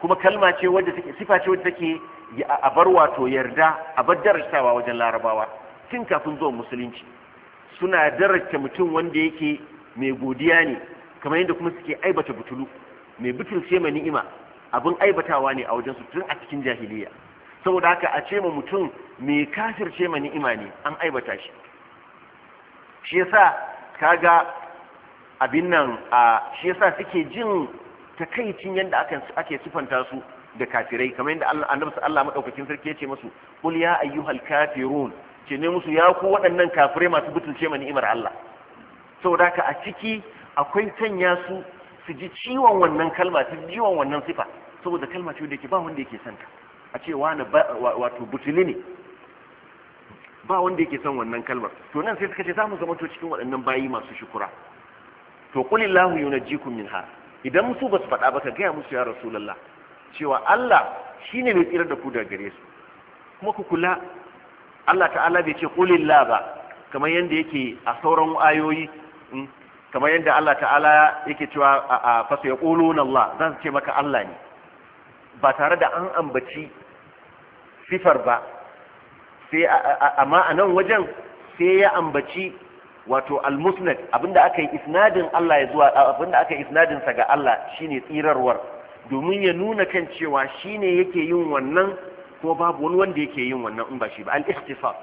kuma kalma ce wadda take sifa ce wadda take a bar wato yarda a bar darasawa wajen larabawa tun kafin zuwa musulunci suna darajta mutum wanda yake mai godiya ne kamar yadda kuma suke aibata butulu mai butulce mai ni'ima abin aibatawa ne a wajen su tun a cikin jahiliya saboda haka a ce ma mutum mai kafirce ma ni'ima ne an aibata shi shi yasa kaga abin nan a shi yasa suke jin takaicin yadda ake sifanta su da kafirai kamar yadda annabi Allah madaukakin sarki ya ce musu qul ya ayyuhal kafirun ce ne musu ya ku waɗannan kafirai masu butulce ma ni'imar Allah saboda haka a ciki akwai sanya su su ji ciwon wannan kalma su ji ciwon wannan sifa saboda kalma ce da ke ba wanda yake santa a ce wani wato butuli ne ba wanda yake son wannan kalmar to nan sai suka ce zamu zama to cikin waɗannan bayi masu shukura to kulillahu yunajjikum minha idan musu ba su faɗa ba ka gaya musu ya rasulullah cewa Allah shine mai tsira da ku daga gare su kuma ku kula Allah ta'ala bai ce kulillah ba kamar yanda yake a sauran ayoyi hmm, kamar yadda Allah ta'ala yake cewa a fasa ya ƙulun Allah zan ce maka Allah ne ba tare da an ambaci sifar ba sai amma a nan wajen sai ya ambaci wato al-musnad abinda aka yi isnadin Allah ya zuwa abinda aka yi isnadin sa ga Allah shine tsirarwar domin ya nuna kan cewa shine yake yin wannan ko babu wani wanda yake yin wannan in ba shi ba al-ikhtisas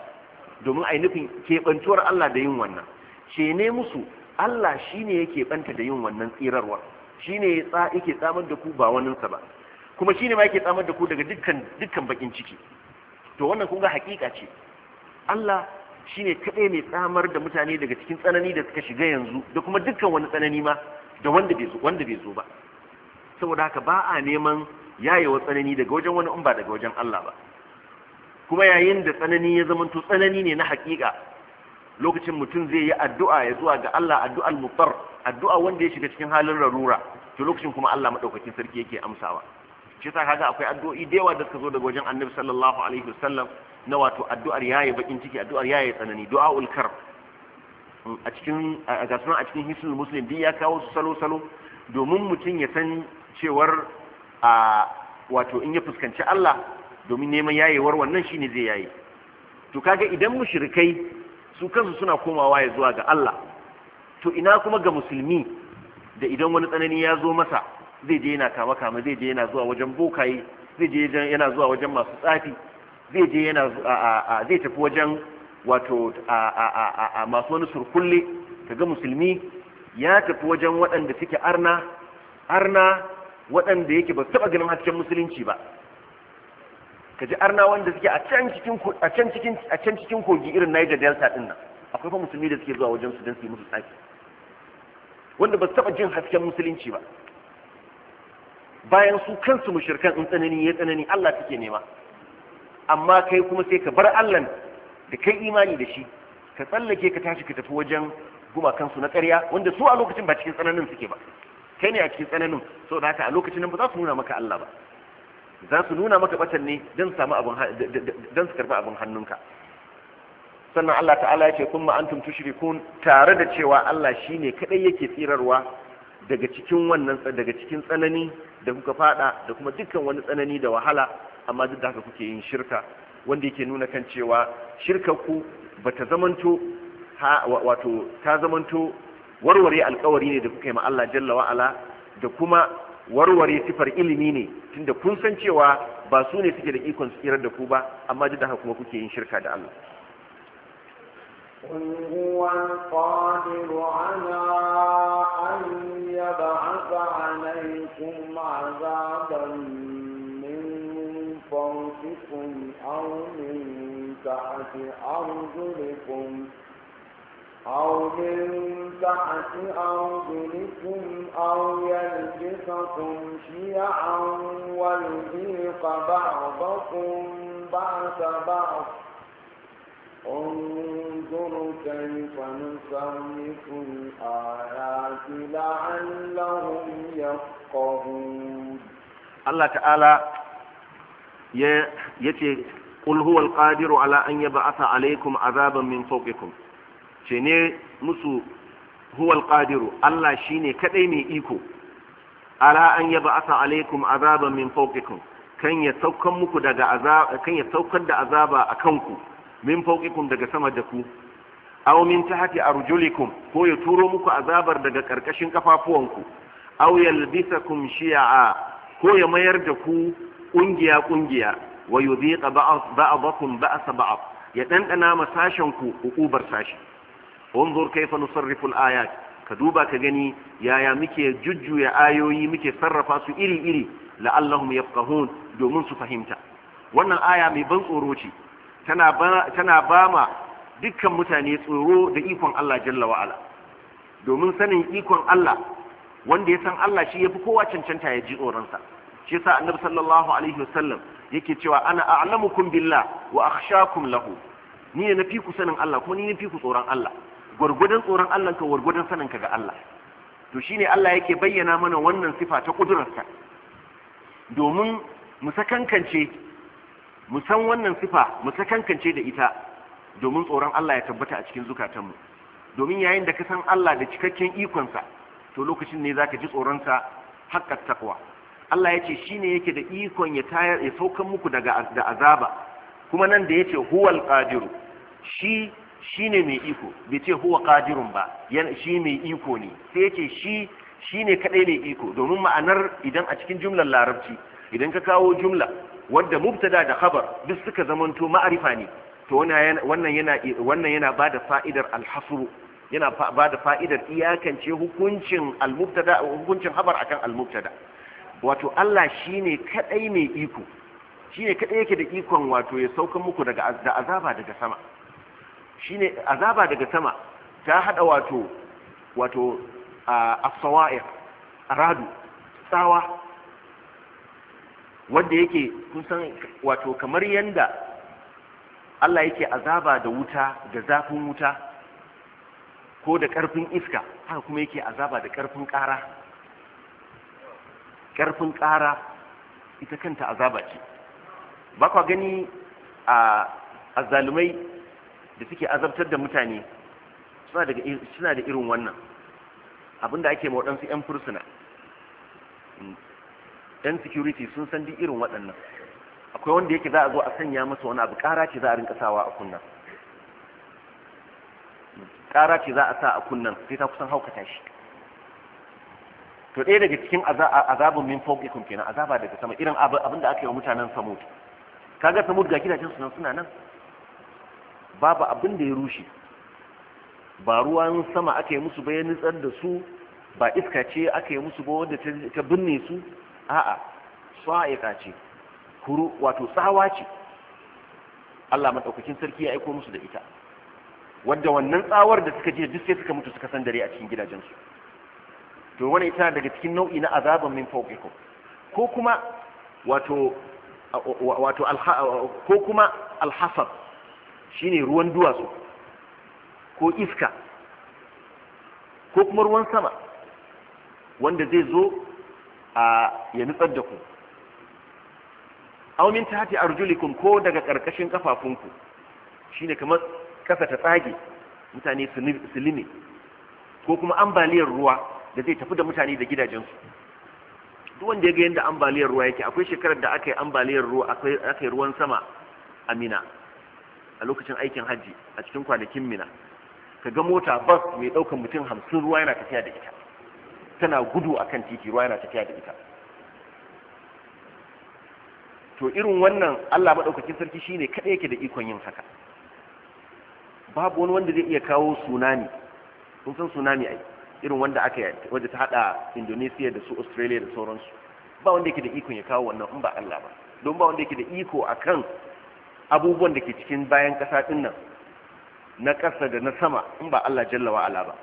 domin ai nufin kebantuwar Allah da yin wannan She ne musu Allah shine yake banta da yin wannan tsirarwar shine ya yake tsamar da ku ba waninsa ba kuma shi ne ma yake tsamar da ku daga dukkan dukkan bakin ciki to wannan kun ga hakika ce Allah shi ne kadai mai tsamar da mutane daga cikin tsanani da suka shiga yanzu da kuma dukkan wani tsanani ma da wanda bai zo ba saboda haka ba a neman yayewa tsanani daga wajen wani in ba daga wajen Allah ba kuma yayin da tsanani ya zama zamanto tsanani ne na hakika lokacin mutum zai yi addu'a ya zuwa ga Allah addu'al mutar addu'a wanda ya shiga cikin halin rarura to lokacin kuma Allah madaukakin sarki yake amsawa shi sa kaga akwai addu'o'i da yawa da suka zo daga wajen annabi sallallahu alaihi wasallam na wato addu'ar yayi bakin ciki addu'ar yayi tsanani du'aul karb mm, a cikin ga sunan a cikin hisul muslim din ya kawo su salo salo domin mutum ya san cewar a wato in ya fuskanci Allah domin neman yayewar wannan shine zai yayi to kaga idan mushrikai su kansu suna komawa ya zuwa ga Allah to ina kuma ga musulmi da idan wani tsanani ya zo masa zai je yana kama kama zai je yana zuwa wajen bokaye zai je yana zuwa wajen masu tsafi zai je yana zai tafi wajen wato a masu wani surkulle kaga musulmi ya tafi wajen waɗanda suke arna arna waɗanda yake ba taɓa ganin hasken musulunci ba ka ji arna wanda suke a can cikin a can cikin kogi irin Niger Delta ɗin nan akwai fa musulmi da suke zuwa wajen su don su yi musu tsaki wanda ba su taɓa jin hasken musulunci ba bayan su kansu mushirkan in tsanani ya tsanani Allah take nema amma kai kuma sai ka bar Allah da kai imani da shi ka tsallake ka tashi ka tafi wajen gumakansu na ƙarya wanda su a lokacin ba cikin tsananin suke ba kai ne a cikin tsananin so da haka a lokacin nan ba za su nuna maka Allah ba za su nuna maka batan ne don su karɓi abin hannunka sannan Allah ta'ala ya ce kuma antum tushrikun tare da cewa Allah shine kadai yake tsirarwa daga cikin wannan daga cikin tsanani da kuka fada da kuma dukkan wani tsanani da wahala amma duk da haka kuke yin shirka wanda yake nuna kan cewa shirkar ku ta zamanto wato ta zamanto warware alkawari ne da kuka yi ma Allah jalla wa da kuma warware sifar ilimi ne tunda kun san cewa ba su ne suke da ikon su da ku ba amma duk da haka kuma kuke yin shirka da Allah قل هو القادر على أن يبعث عليكم عذابا من فوقكم أو من تحت أرجلكم أو من تحت أرجلكم أو يلبسكم شيعا ويذيق بعضكم بعث بعض Allah Ta'ala ya ce ƙu al-huwa qadiru, ala anyi ba'asa 'Alaikum azaban mun sauƙa kun? Cene musu huwa qadiru. Allah shi ne kadai mu iko. Ala anyi ba'asa 'Alaikum azaban mun sauƙa kun? Kan ya saukar da azaba a kanku. min fawqikum daga sama da ku aw min tahti arjulikum ko ya turo muku azabar daga karkashin kafafuwanku aw yalbisakum shi'a ko ya mayar da ku kungiya kungiya wa yudhiqa ba'dakum ba'sa ba'd ya dandana sashen ku hukubar sashi unzur kayfa nusarrifu al-ayat ka duba ka gani yaya muke jujjuya ayoyi muke sarrafa su iri iri la'allahum yafqahun domin su fahimta wannan aya mai ban tsoro ce tana ba ma dukkan mutane tsoro da ikon Allah jalla wa'ala domin sanin ikon Allah wanda ya san Allah shi ya fi kowa cancanta ya ji tsoronsa shi sa annabi sallallahu alaihi wasallam yake cewa ana a'lamukum billah wa akhshakum lahu ni ne nafi ku sanin Allah kuma ni ne fi ku tsoron Allah gwargwadon tsoron Allah ka gwargwadon sanin ka ga Allah to shine Allah yake bayyana mana wannan sifa ta kudurarsa domin mu sakankance mu san wannan sifa mu sakankance da ita domin tsoron Allah ya tabbata a cikin zukatanmu domin yayin da ka san Allah da cikakken ikonsa to lokacin ne zaka ji tsoronsa haqqat taqwa Allah ya ce shi ne yake da ikon ya tayar ya saukan muku daga da azaba kuma nan da ya ce huwal qadiru shi ne mai iko bai ce huwa qadirun ba yana shi mai iko ne sai ya ce shi ne kadai mai iko domin ma'anar idan a cikin jumlar larabci idan ka kawo jumla wanda mubtada da khabar duk suka zamanto ma'arifa ne to wannan yana wannan yana bada fa'idar al-hasr yana bada fa'idar iyakance hukuncin al-mubtada hukuncin khabar akan al-mubtada wato Allah shine kadai mai iko shine kadai yake da ikon wato ya sauka muku daga azaba daga sama shine azaba daga sama ta hada wato wato as-sawa'ir aradu tsawa wanda yake kusan wato kamar yanda Allah yake azaba da wuta da zafin wuta ko da ƙarfin iska haka kuma yake azaba da ƙarfin ƙara ƙarfin ƙara ita kanta azaba ce ba kwa gani a azalumai da suke azabtar da mutane suna da irin wannan abinda ake mawaɗansu 'yan fursuna yan security sun san duk irin waɗannan akwai wanda yake za a zo a sanya masa wani abu ƙara ce za a rinka sawa a kunnan ƙara ce za a sa a kunnan sai ta kusan haukata shi to ɗaya daga cikin azabun min ikon kenan azaba daga sama irin abin da aka yi wa mutanen samud kaga samud ga gidajen su suna nan babu abin da ya rushe ba ruwan sama aka yi musu bayanin tsar nutsar da su ba iska ce aka yi musu ba wanda ta binne su a'a sa'iqa ce huru wato tsawa ce Allah madaukakin sarki ya aiko musu da ita wanda wannan tsawar da suka je duk sai suka mutu suka san dare a cikin gidajensu to wani ita daga cikin nau'i na azaban min fawqikum ko kuma wato wato ko kuma alhasab shine ruwan duwatsu ko iska ko kuma ruwan sama wanda zai zo a ya nutsar da ku aumin ta hati arjulikum ko daga ƙarƙashin kafafunku shine kamar ƙasa ta tsage mutane su lime ko kuma ambaliyar ruwa da zai tafi da mutane da gidajensu duk wanda ya ga yadda ambaliyar ruwa yake akwai shekarar da aka yi ambaliyar ruwa aka yi ruwan sama a mina a lokacin aikin hajji a cikin kwanakin mina ka ga mota bas mai ɗaukar mutum hamsin ruwa yana tafiya da ita tana gudu akan titi ruwa yana tafiya da ita to irin wannan Allah maɗaukakin sarki shine kada yake da ikon yin haka babu wani wanda zai iya kawo tsunami kun san tsunami ai irin wanda aka yi, wadda ta hada Indonesia da su Australia da sauransu ba wanda yake da ikon ya kawo wannan in ba Allah ba don ba wanda yake da iko akan abubuwan da ke cikin bayan ƙasa ɗin nan na ƙasa da na sama in ba Allah jalla wa ala ba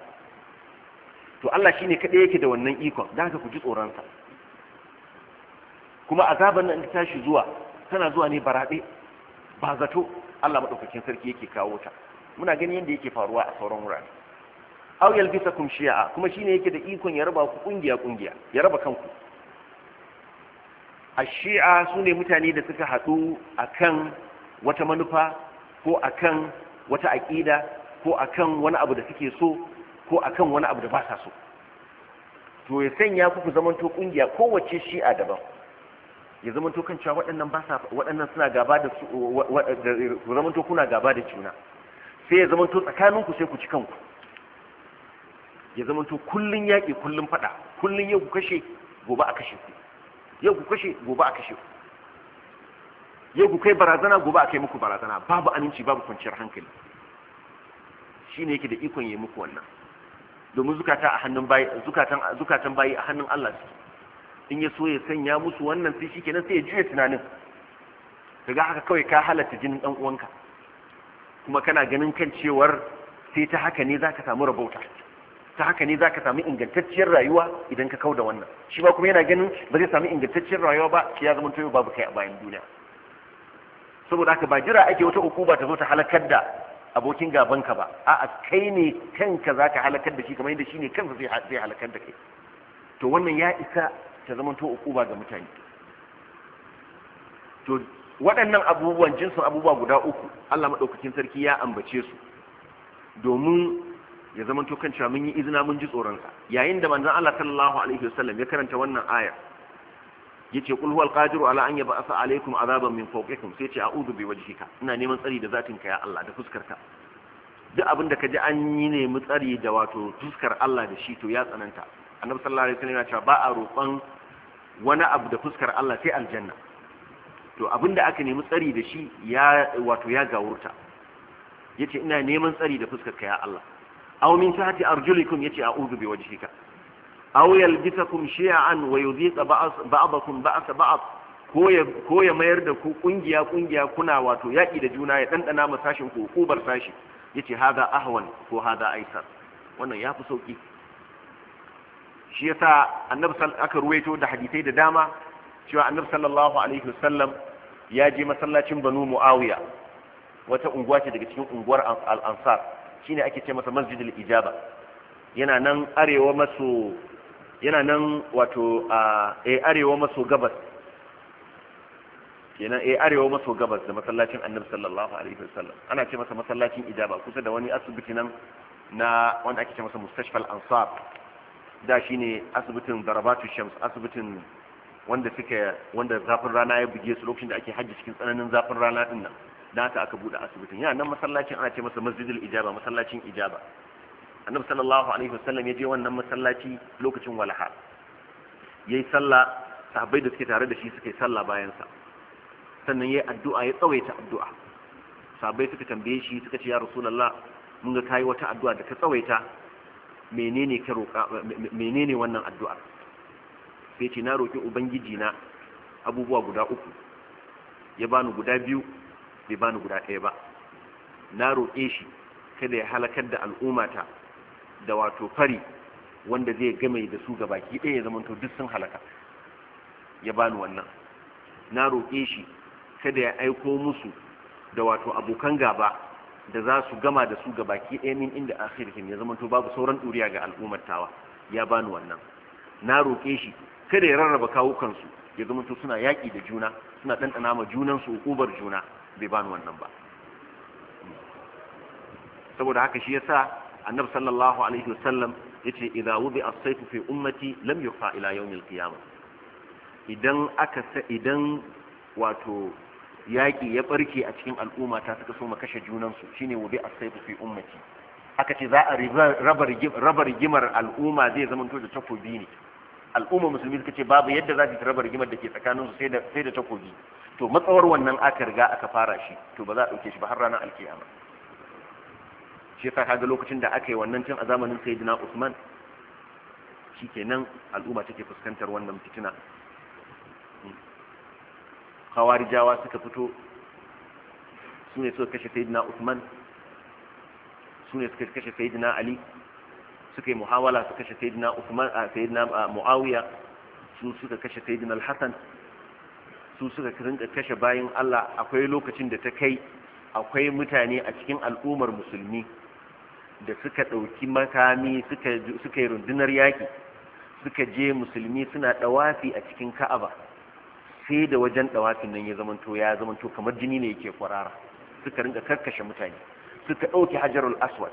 to Allah shine kaɗai yake da wannan ikon da haka ku ji tsoronsa kuma a azaban nan ta tashi zuwa tana zuwa ne baraɗe ba zato Allah maɗaukakin sarki yake kawo ta muna gani yadda yake faruwa a sauran wurare aw yalbisakum shi'a kuma shine yake da ikon ya raba ku kungiya kungiya ya raba kanku ash su sune mutane da suka hadu akan wata manufa ko akan wata aƙida, ko akan wani abu da suke so ko akan wani abu da ba sa so to ya sanya kuku zaman to kungiya kowace shi'a daban ya to kan cewa waɗannan ba sa waɗannan suna gaba da su ku to kuna gaba da juna sai ya zamanto tsakanin ku sai ku ci kanku ya to kullun yaƙi kullun faɗa kullun yau ku kashe gobe a kashe ku yau ku kashe gobe a kashe ku yau ku kai barazana gobe a kai muku barazana babu aminci babu kwanciyar hankali shine yake da ikon yi muku wannan domin zukata a hannun bayi zukatan zukatan bayi a hannun Allah in ya so ya sanya musu wannan sai shikenan sai ya jiya tunanin kaga haka kawai ka halatta jinin dan uwanka kuma kana ganin kan cewar sai ta haka ne zaka samu rabauta ta haka ne zaka samu ingantacciyar rayuwa idan ka kauda wannan shi ba kuma yana ganin ba zai samu ingantacciyar rayuwa ba ya zama toyo babu kai a bayan duniya saboda haka ba jira ake wata hukuma ta zo ta halakar da abokin gabanka ba a kai ne kanka ka halakar da shi kamar yadda shi ne kansa zai halakar da kai to wannan ya isa ta zama to ukuba ga mutane to waɗannan abubuwan jinsin abubuwa guda uku Allah maɗaukakin sarki ya ambace su domin ya zama to kan cewa mun yi izina mun ji tsoronsa yayin da manzon Allah sallallahu alaihi wasallam ya karanta wannan aya. yace kul huwal qadiru ala an yab'atha alaykum azaban min fawqikum sai yace a'udhu bi wajhika ina neman tsari da zatin ka ya Allah da fuskar ka duk abin da kaji an yi nemi tsari da wato fuskar Allah da shi to ya tsananta annabi sallallahu alaihi wasallam ya cewa ba a roƙon wani abu da fuskar Allah sai aljanna to abin da aka nemi tsari da shi ya wato ya gawurta yace ina neman tsari da fuskar ka ya Allah aw min sahati arjulikum yace a'udhu bi wajhika aw yalbitakum shi'an wa yudhiqa ba'dakum ba'sa ba'd ko ya mayar da ku kungiya kungiya kuna wato yaki da juna ya dandana ma sashin ku kubar sashi yace hada ahwan ko hada aisar wannan yafi sauki shi yasa annabi aka ruwaito da hadisai da dama cewa annabi sallallahu alaihi wasallam ya je masallacin banu muawiya wata unguwa ce daga cikin unguwar al-ansar shine ake ce masa masjidul ijaba yana nan arewa maso yana nan wato a eh, arewa maso gabas kenan a eh, arewa maso gabas da masallacin annabi sallallahu alaihi wasallam ana ce masa masallacin ijaba kusa da wani asibiti nan na wanda ake ce masa mustashfal ansar da shine asibitin darabatu shams asibitin wanda suke wanda zafin rana ya buge su lokacin da ake hajji cikin tsananin zafin rana din nan da aka buɗe asibitin yana nan masallacin ana ce masa masjidul ijaba masallacin ijaba annabi sallallahu alaihi wasallam ya je wannan masallaci lokacin walaha yayi sallah sahabbai da suke tare da shi suke sallah bayan sa sannan yayi addu'a ya tsawaita addu'a sahabbai suka tambaye shi suka ce ya rasulullah mun ga kai wata addu'a da ka tsawaita menene ka roƙa menene wannan addu'a sai ce na roki ubangiji na abubuwa guda uku ya bani guda biyu bai bani guda ɗaya ba na roƙe shi kada ya halakar da al'ummata da wato fari wanda zai game da su ga baki ɗaya ya zamanto duk sun halaka ya bani wannan na roƙe shi kada ya aiko musu da wato abokan gaba da za su gama da su ga baki ɗaya min inda akhirihim ya zamanto babu sauran ɗuriya ga al'ummar tawa ya bani wannan na roƙe shi kada ya rarraba kawukansu ya zamanto suna yaƙi da juna suna ɗanɗana ma junan su uƙubar juna bai bani wannan ba saboda haka shi yasa annabi sallallahu alaihi wasallam yace idza wudi as fi ummati lam yufa ila yawm al-qiyamah idan aka sa idan wato yaki ya barke a cikin al'umma ta suka so kashe junansu shine wudi as-sayfu fi ummati aka ce za a raba rigimar al'umma zai zama to da takobi ne al'umma musulmi suka ce babu yadda za ta raba rigimar da ke su sai da takobi to matsawar wannan aka riga aka fara shi to ba za a ɗauke shi ba har ranar alkiyama shi yasa kaga lokacin da aka yi wannan tun a zamanin sayyidina Usman shi nan al'umma take fuskantar wannan fitina khawarijawa suka fito su ne suka kashe sayyidina Usman su ne suka kashe sayyidina Ali suka yi muhawala su kashe sayyidina Usman a sayyidina Muawiya su suka kashe sayyidina Al-Hasan su suka rinka kashe bayan Allah akwai lokacin da ta kai akwai mutane a cikin al'ummar musulmi da suka ɗauki makami suka yi rundunar yaƙi suka je musulmi suna ɗawafi a cikin ka'aba sai da wajen ɗawafin nan ya zamanto ya zamanto kamar jini ne yake kwarara suka rinka karkashe mutane suka ɗauki hajarul aswad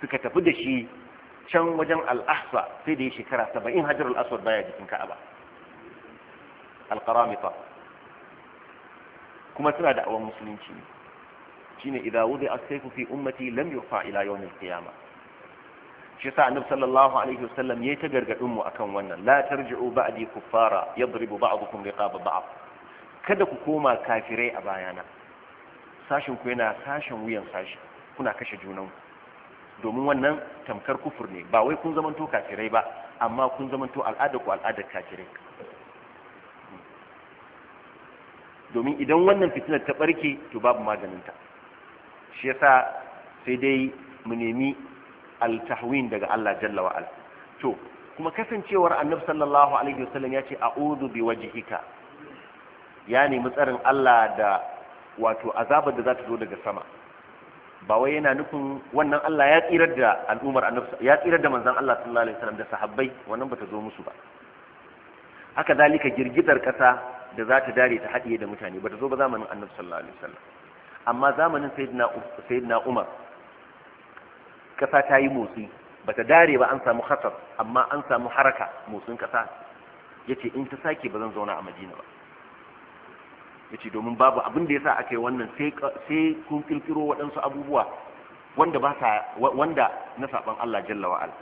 suka tafi da shi can wajen al'ahsa sai da ya shekara saba'in hajarul aswad baya jikin ka'aba alƙaramita kuma suna da awon musulunci ne shine idza wudi as-sayfu fi ummati lam yurfa ila yawm al-qiyamah shi sa annabi sallallahu alaihi wasallam yayi ta gargadin mu akan wannan la tarji'u ba'di kuffara yadribu ba'dukum riqaba ba'd kada ku koma kafirai a bayana sashin ku yana sashin wuyan sashi kuna kashe junan domin wannan tamkar kufur ne ba wai kun zamanto kafirai ba amma kun zamanto al'ada ku al'adar kafirai domin idan wannan fitinar ta barke to babu maganinta shi yasa sai dai mu nemi al tahwin daga Allah jalla wa ala to kuma kasancewar annabi sallallahu alaihi wasallam ya ce a'udhu bi wajhika ya nemi tsarin Allah da wato azabar da za ta zo daga sama ba wai yana nufin wannan Allah ya tsirar da al'umar annabi ya tsirar da manzon Allah sallallahu alaihi wasallam da sahabbai wannan bata zo musu ba haka zalika girgizar kasa da za ta dare ta haɗiye da mutane Ba ta zo ba zamanin annabi sallallahu alaihi wasallam amma zamanin sayyidina umar kasa ta yi motsi ba ta dare ba an samu hasar amma an samu haraka motsin kasa yace in ta sake ba zan zauna a madina ba yace domin babu abin da yasa aka yi wannan sai kun kirkiro waɗansu abubuwa wanda ba sa wanda na saban Allah jalla wa'ala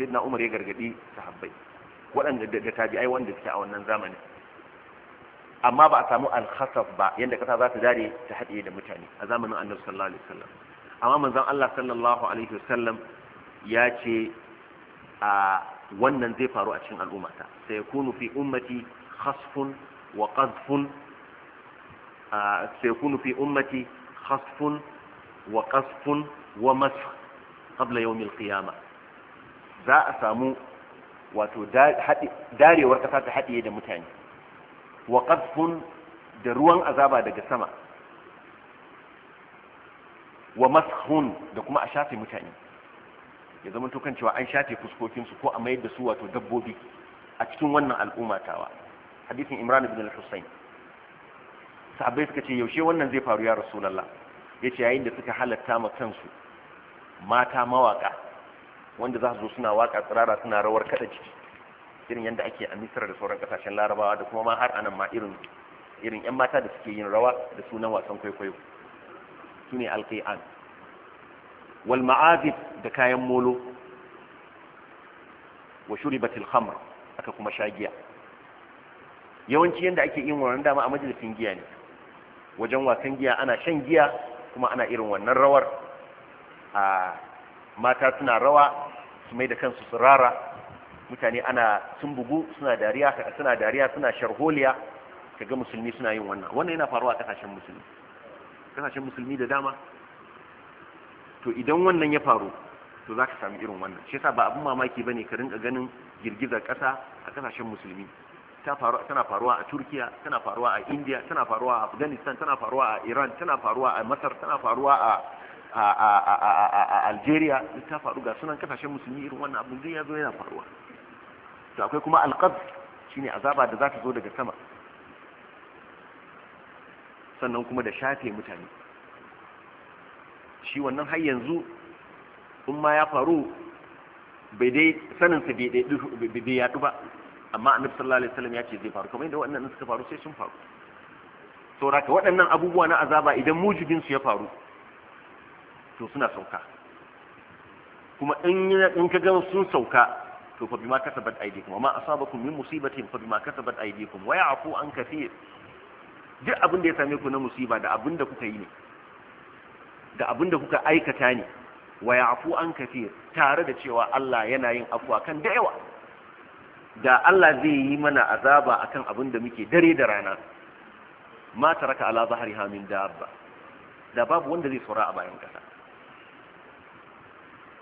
sayyidina umar ya gargadi sahabbai waɗanda da tabi'ai wanda suke a wannan zamanin amma ba a samu alkhasaf ba yadda kasa za ta dare ta haɗe da mutane a zamanin annabi sallallahu alaihi wasallam amma manzon Allah sallallahu alaihi wasallam ya ce a wannan zai faru a cikin al'ummata sai yakunu fi ummati khasfun wa qadfun sai yakunu fi ummati khasfun wa qasfun wa masf qabla yawm al-qiyamah za a samu wato darewar kasa ta haɗe da mutane wa qadfun da ruwan azaba daga sama wa mashun da kuma a shafe mutane ya zama to cewa an shafe fuskokinsu ko a mayar da su wato dabbobi a cikin wannan al'umma tawa hadisin imran ibn al-husayn sahabbai suka ce yaushe wannan zai faru ya rasulullah yace yayin da suka halatta ma kansu mata mawaka wanda za su zo suna waka tsirara suna rawar kada ciki irin yadda ake a misira da sauran kasashen larabawa da kuma ma har anan ma irin yan mata da suke yin rawa da sunan wasan kwaikwayo su ne alkai'an wal ma'azif da kayan molo wa batil khamr aka kuma sha giya yawanci yadda ake yin wannan dama a majalisin giya ne wajen wasan giya ana shan giya kuma ana irin wannan rawar a ah, mata suna rawa su mai da kansu su rara mutane ana sun bugu suna dariya suna dariya suna sharholiya kaga musulmi suna yin wannan wannan yana faruwa a kasashen musulmi kasashen musulmi da dama to idan wannan ya faru to za ka sami irin wannan shi yasa ba abin mamaki ba ne ka rinka ganin girgizar ƙasa a kasashen musulmi tana faruwa a turkiya tana faruwa a india tana faruwa a afghanistan tana faruwa a iran tana faruwa a masar tana faruwa a algeria ta faru ga sunan kasashen musulmi irin wannan abin zai yazo yana faruwa to akwai kuma alqab shine azaba da za ta zo daga sama sannan kuma da shafe mutane shi wannan har yanzu in ma ya faru bai dai saninsa bai yaɗu ba amma annabi sallallahu alaihi wasallam ya ce zai faru kamar yadda waɗannan suka faru sai sun faru saboda waɗannan abubuwa na azaba idan mujibin su ya faru to suna sauka kuma in in ka ga sun sauka to fa bima kasabat aydikum ma asabakum min musibatin fa bima kasabat aydikum wa ya'fu an kathir duk abin da ya same ku na musiba da abin da kuka yi ne da abin da kuka aikata ne wa ya'fu an kathir tare da cewa Allah yana yin afwa kan da yawa da Allah zai yi mana azaba akan abin da muke dare da rana ma taraka ala zahriha min dabba da babu wanda zai tsora a bayan kasa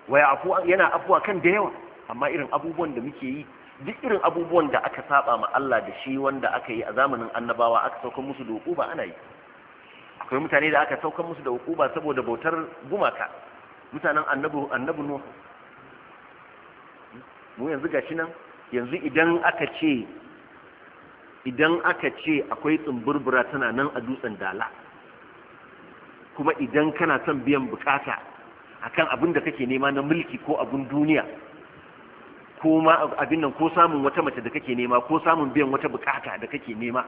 wa ya'fu yana afwa kan da yawa amma irin abubuwan da muke yi duk irin abubuwan da aka saba ma Allah da shi wanda aka yi a zamanin annabawa aka saukar musu da hukuba ana yi akwai mutane da aka saukar musu da hukuba saboda bautar gumaka mutanen annabu annabu no mu yanzu gashi nan yanzu idan aka ce idan aka ce akwai tsumburbura tana nan a dutsen dala kuma idan kana son biyan bukata akan abin da kake nema na mulki ko abin duniya ko ma abin nan ko samun wata mace da kake nema ko samun biyan wata bukata da kake nema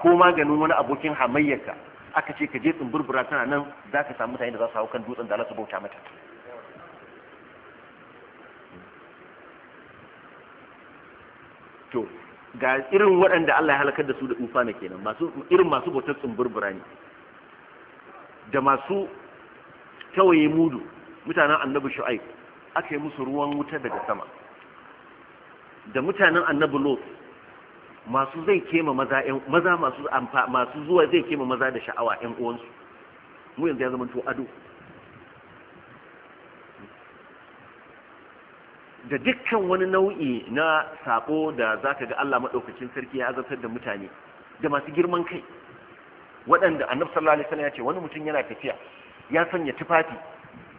ko maganin wani abokin hamayyarka aka ce ka je tsumburbura tana nan za ka samu mutane da za su hau kan dutsen da Allah su bauta mata to ga irin waɗanda Allah ya halakar da su da tsufa na kenan masu irin masu bautar tsumburbura ne da masu tawaye mudu mutanen annabi shu'aib aka yi musu ruwan wuta daga sama da mutanen annabi lot masu zai kema maza maza masu amfa masu zuwa zai kema maza da sha'awa ƴan uwansu mu yanzu ya zama to ado da dukkan wani nau'i na sako da zaka ga Allah madaukakin sarki ya azabtar da mutane da masu girman kai waɗanda annabi sallallahu alaihi wasallam ya ce wani mutum yana tafiya ya sanya tufafi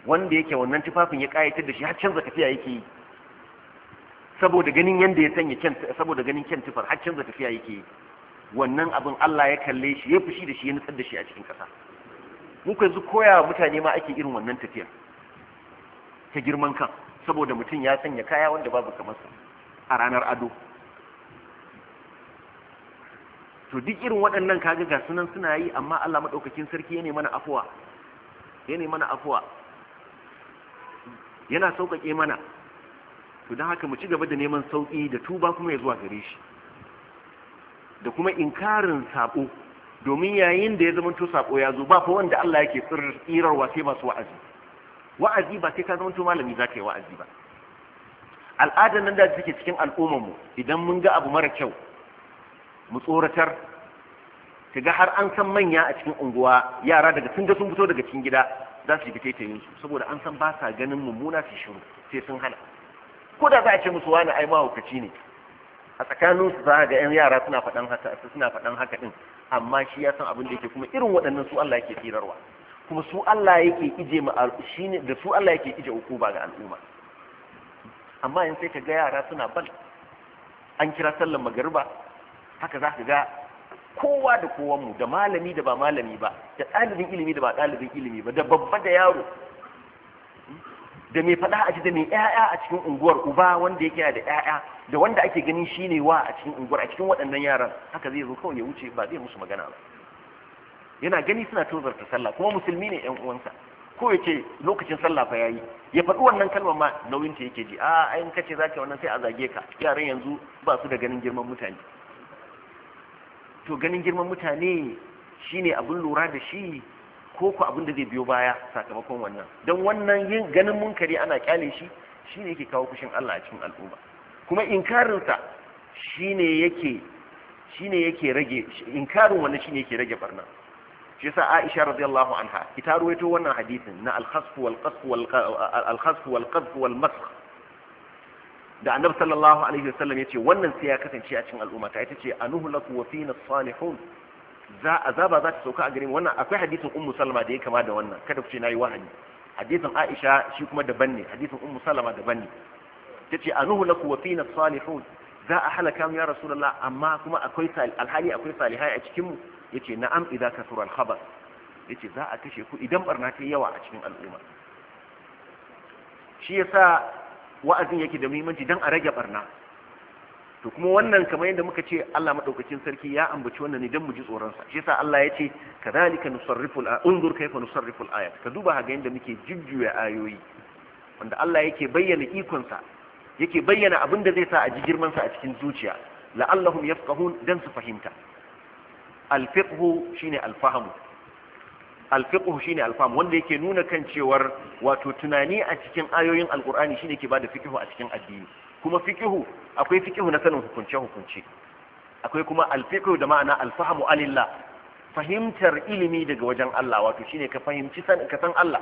wanda yake wannan tufafin ya kayatar da shi har canza tafiya yake yi saboda ganin yanda ya sanya kyan saboda ganin kyan tufar har canza tafiya yake yi wannan abin Allah ya kalle shi ya fushi da shi ya nutsar da shi a cikin ƙasa mu ko yanzu koya mutane ma ake irin wannan tafiyar ta girman kan saboda mutum ya sanya kaya wanda babu kamar sa a ranar ado to duk irin waɗannan kaga ga sunan suna yi amma Allah madaukakin sarki ya mana afuwa ya mana afuwa yana sauƙaƙe mana to don haka mu ci gaba da neman sauƙi da tuba kuma ya zuwa gare shi da kuma inkarin sabo domin yayin da ya zamanto sabo ya zo ba fa wanda Allah yake tsirrar sai masu wa'azi wa'azi ba sai ka zamanto malami za ka yi wa'azi ba al'adar nan da take cikin al'ummarmu idan mun ga abu mara kyau mu tsoratar ga har an san manya a cikin unguwa yara daga sun ga sun fito daga cikin gida za su yi fitaitayin su saboda an san ba sa ganin mummuna su shiru sai sun hana ko da za a ce musu wani ai mahaukaci ne a tsakanin su za ga yan yara suna faɗan haka suna faɗan haka din amma shi ya san abin da yake kuma irin waɗannan su Allah yake tirarwa kuma su Allah yake ije ma shine da su Allah yake ije hukuma ga al'umma amma in sai ka ga yara suna bal an kira sallar magariba haka za ka ga kowa da kowanmu da malami da ba malami ba da ɗalibin ilimi da ba ɗalibin ilimi ba da babba da yaro da mai faɗa a ji da mai ƴaƴa a cikin unguwar uba wanda yake da ƴaƴa da wanda ake ganin shi ne wa a cikin unguwar a cikin waɗannan yaran haka zai zo kawai ya wuce ba zai musu magana ba yana gani suna tozarta sallah kuma musulmi ne ƴan uwansa ko ya ce lokacin sallah fa yayi ya faɗi wannan kalmar ma nauyin ta yake ji a ai kace zaka wannan sai a zage ka yaran yanzu ba su da ganin girman mutane to ganin girman mutane shine abin lura da shi ko ku abin da zai biyo baya sakamakon wannan don wannan yin ganin munkari ana kyale shi shine yake kawo fushin Allah a cikin al'umma kuma inkarinsa ne yake ne yake rage inkarin wannan ne yake rage barna shi yasa Aisha radiyallahu anha ita ruwaito wannan hadisin na al-khasf wal qasf wal al-khasf wal qasf wal masx da annabi sallallahu alaihi wasallam yace wannan sai ya kasance a cikin al'umma ta ita ce lakum wa fina salihun za azaba za ta sauka a garin wannan akwai hadisin ummu salama da ya kama da wannan kada ku ce nayi wahayi hadisin aisha shi kuma daban ne hadisin ummu salama daban ne tace anuhu laku wa fina salihun za a halaka mu ya rasulullah amma kuma akwai alhali akwai salihai a cikin mu yace na'am idan kasura al-khabar yace za a kashe ku idan barna ta yawa a cikin al'umma shi yasa wa'azin yake da muhimmanci dan a rage barna to kuma wannan kamar yadda muka ce Allah madaukakin sarki ya ambaci wannan idan dan mu ji tsoron sa shi yasa Allah ya ce kadhalika nusarrifu al unzur kayfa nusarriful ayat ka duba ga yadda muke jujjuya ayoyi wanda Allah yake bayyana ikon sa yake bayyana abin da zai sa a ji girman sa a cikin zuciya la'allahum yafqahun dan su fahimta al shine al fahm al shine al fahm wanda yake nuna kan cewar wato tunani a cikin ayoyin alqur'ani shine ke bada fiqhu a cikin addini kuma fiqhu akwai fiqhu na sanin hukunce hukunce akwai kuma alfiqhu da ma'ana alfahamu alillah fahimtar ilimi daga wajen Allah wato shine ka fahimci san ka san Allah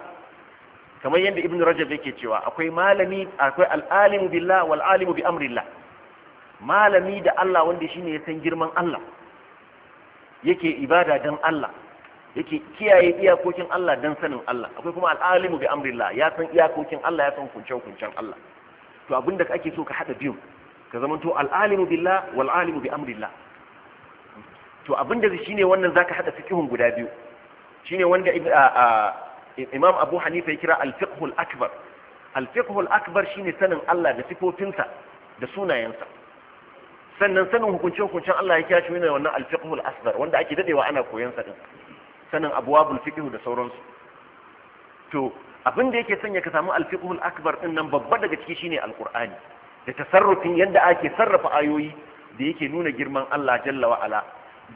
kamar yadda ibn rajab yake cewa akwai malami akwai al'alimu billah wal alim bi amrillah malami da Allah wanda shine ya san girman Allah yake ibada dan Allah yake kiyaye iyakokin Allah dan sanin Allah akwai kuma al'alim bi amrillah ya san iyakokin Allah ya san kunce-kuncen Allah to abinda ake so ka hada biyu ka zama to al'alimu billah wal alimu bi amrillah to abinda shine wannan zaka hada fiqhun guda biyu shine wanda imam abu hanifa ya kira al-fiqhul akbar al-fiqhul akbar shine sanin Allah da sifofinsa da sunayensa sannan sanin hukunce hukuncin Allah ya kira shi ne wannan al-fiqhul asghar wanda ake dadewa ana koyon sa din sanin abwabul fiqh da sauransu to abin da yake sanya ka samu alfiqhul akbar din nan babba daga ciki shine alqur'ani da tasarrufin yadda ake sarrafa ayoyi da yake nuna girman Allah jalla wa ala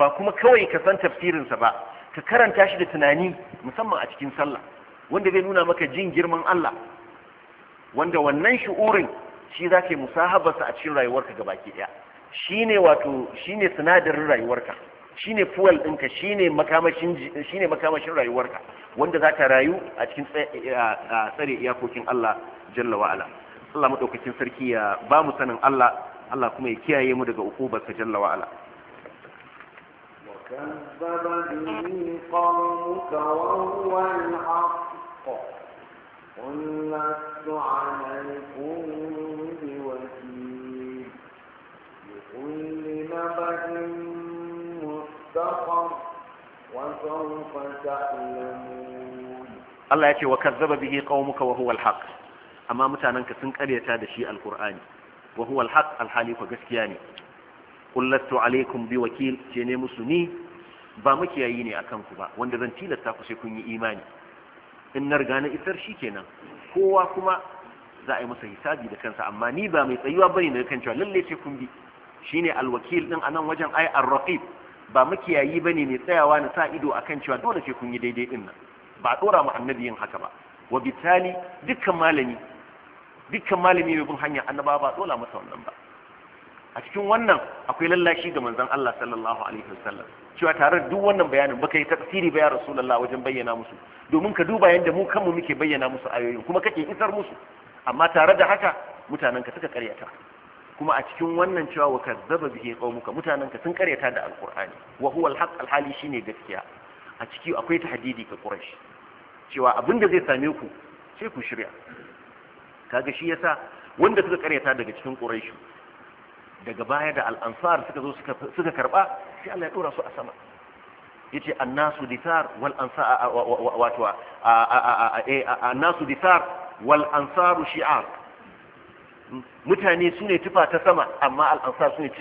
ba kuma kawai ka san tafsirin sa ba ka karanta shi da tunani musamman a cikin sallah wanda zai nuna maka jin girman Allah wanda wannan shu'urin shi zake musahabarsa a cikin rayuwarka gabaki daya shine wato shine sinadarin rayuwarka shine fuel ɗinka shine makamashin shine makamashin rayuwarka wanda za ta rayu a cikin tsare iyakokin Allah jalla wa ala Allah madaukakin sarki ya ba mu sanin Allah Allah kuma ya kiyaye mu daga ukubar sa jalla wa ala كذب به قومك وهو الحق قل لست عليكم بوكيل لكل نبأ Allah ya ce wa kazzaba bihi qaumuka muka huwa al-haq amma mutananka sun kareta da shi al-Qur'ani wa huwa al gaskiya ne qullatu alaykum bi wakil ce ne musu ni ba makiyayi ne akan ku ba wanda zan tilasta ku kun yi imani in na riga na isar shi kenan kowa kuma za a yi masa hisabi da kansa amma ni ba mai tsayuwa bane ne kan cewa lalle sai kun bi shine alwakil ɗin anan wajen ay ar-raqib ba makiyayi ba ne mai tsayawa na sa ido akan cewa dole ce kun yi daidai din nan ba dora mu annabi yin haka ba wa bitali dukkan malami dukkan malami mai bin hanya annaba ba dole masa wannan ba a cikin wannan akwai lallashi ga manzon Allah sallallahu alaihi wasallam cewa tare da duk wannan bayanin baka yi tafsiri ba ya rasulullah wajen bayyana musu domin ka duba yadda mu kanmu muke bayyana musu ayoyin kuma kake isar musu amma tare da haka mutanen ka suka karyata kuma a cikin wannan cewa wa kazzaba bihi qaumuka mutananka sun karyata da alqur'ani wa huwa alhaq alhali shine gaskiya a ciki akwai tahdidi ga quraish cewa abinda zai same ku sai ku shirya kaga shi yasa wanda suka karyata daga cikin quraish daga baya da al'ansar suka zo suka karba sai Allah ya dora su a sama yace annasu disar wal ansar wato annasu wal ansaru shi'ar mutane su ne tufa ta sama amma al'ansar su ne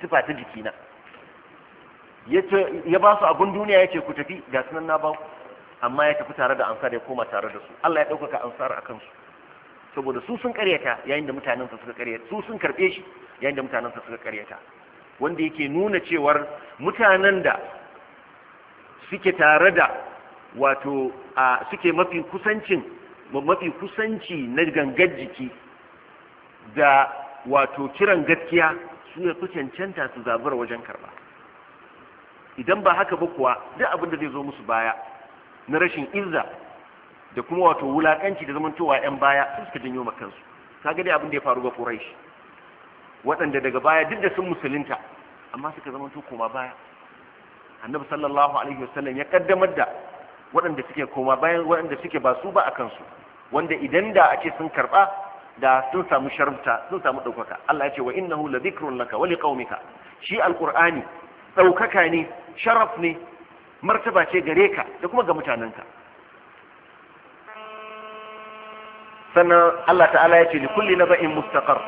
tufa ta jikina ya ba su abin duniya ya ce ku tafi ga sunan na ba amma ya tafi tare da ansar ya koma tare da su Allah ya ɗaukaka ansar a kansu saboda su sun karyata yayin da su suka karyata su sun karɓe shi yayin da su suka karyata wanda yake nuna cewar mutanen da suke tare da wato suke mafi kusancin mafi kusanci na gangar jiki da wato kiran gaskiya su ne su cancanta su zabar wajen karba idan ba haka ba kuwa duk abin da zai zo musu baya na rashin izza da kuma wato wulakanci da zamantowa yan baya su suka janyo kansu kaga dai abin da ya faru ga quraish waɗanda daga baya duk da sun musulunta amma suka to koma baya annabi sallallahu alaihi wasallam ya kaddamar da waɗanda suke koma bayan waɗanda suke ba su ba a kansu wanda idan da ake sun karba. da sun samu sharafta sun samu ɗaukaka Allah ya ce wa innahu la dhikrun laka wa liqaumika shi alqur'ani ɗaukaka ne sharaf ne martaba ce gare ka da kuma ga mutanenka sannan Allah ta'ala ya ce li kulli naba'in mustaqar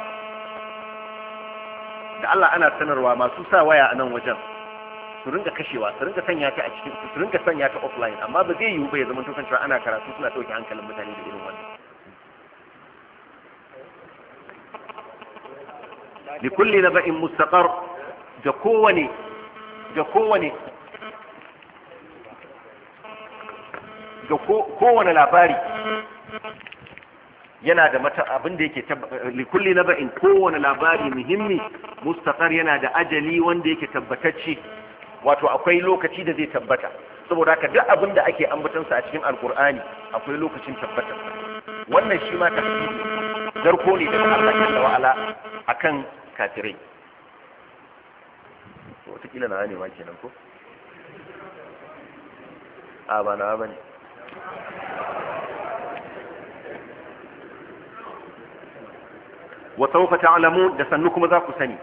da Allah ana sanarwa masu sa waya a nan wajen su ringa kashewa su ringa sanya ta a cikin su ringa sanya ta offline amma ba zai yiwu ba ya zama to ana karatu suna ɗauke hankalin mutane da irin wannan li na ba'in mustaƙar da kowane ga kowane kowane labari yana da mata abin da yake likulli na ba'in kowane labari muhimmi mustaqar yana da ajali wanda yake tabbatacce wato akwai lokaci da zai tabbata saboda haka duk abin da ake ambaton sa a cikin alkur'ani akwai lokacin tabbata wannan shi ma tafsiri zarko ne daga Allah jalla wa'ala akan kafirai watakila na ne ma kenan ko a ba na ba ne وسوف تعلمون da sannu kuma za ku sani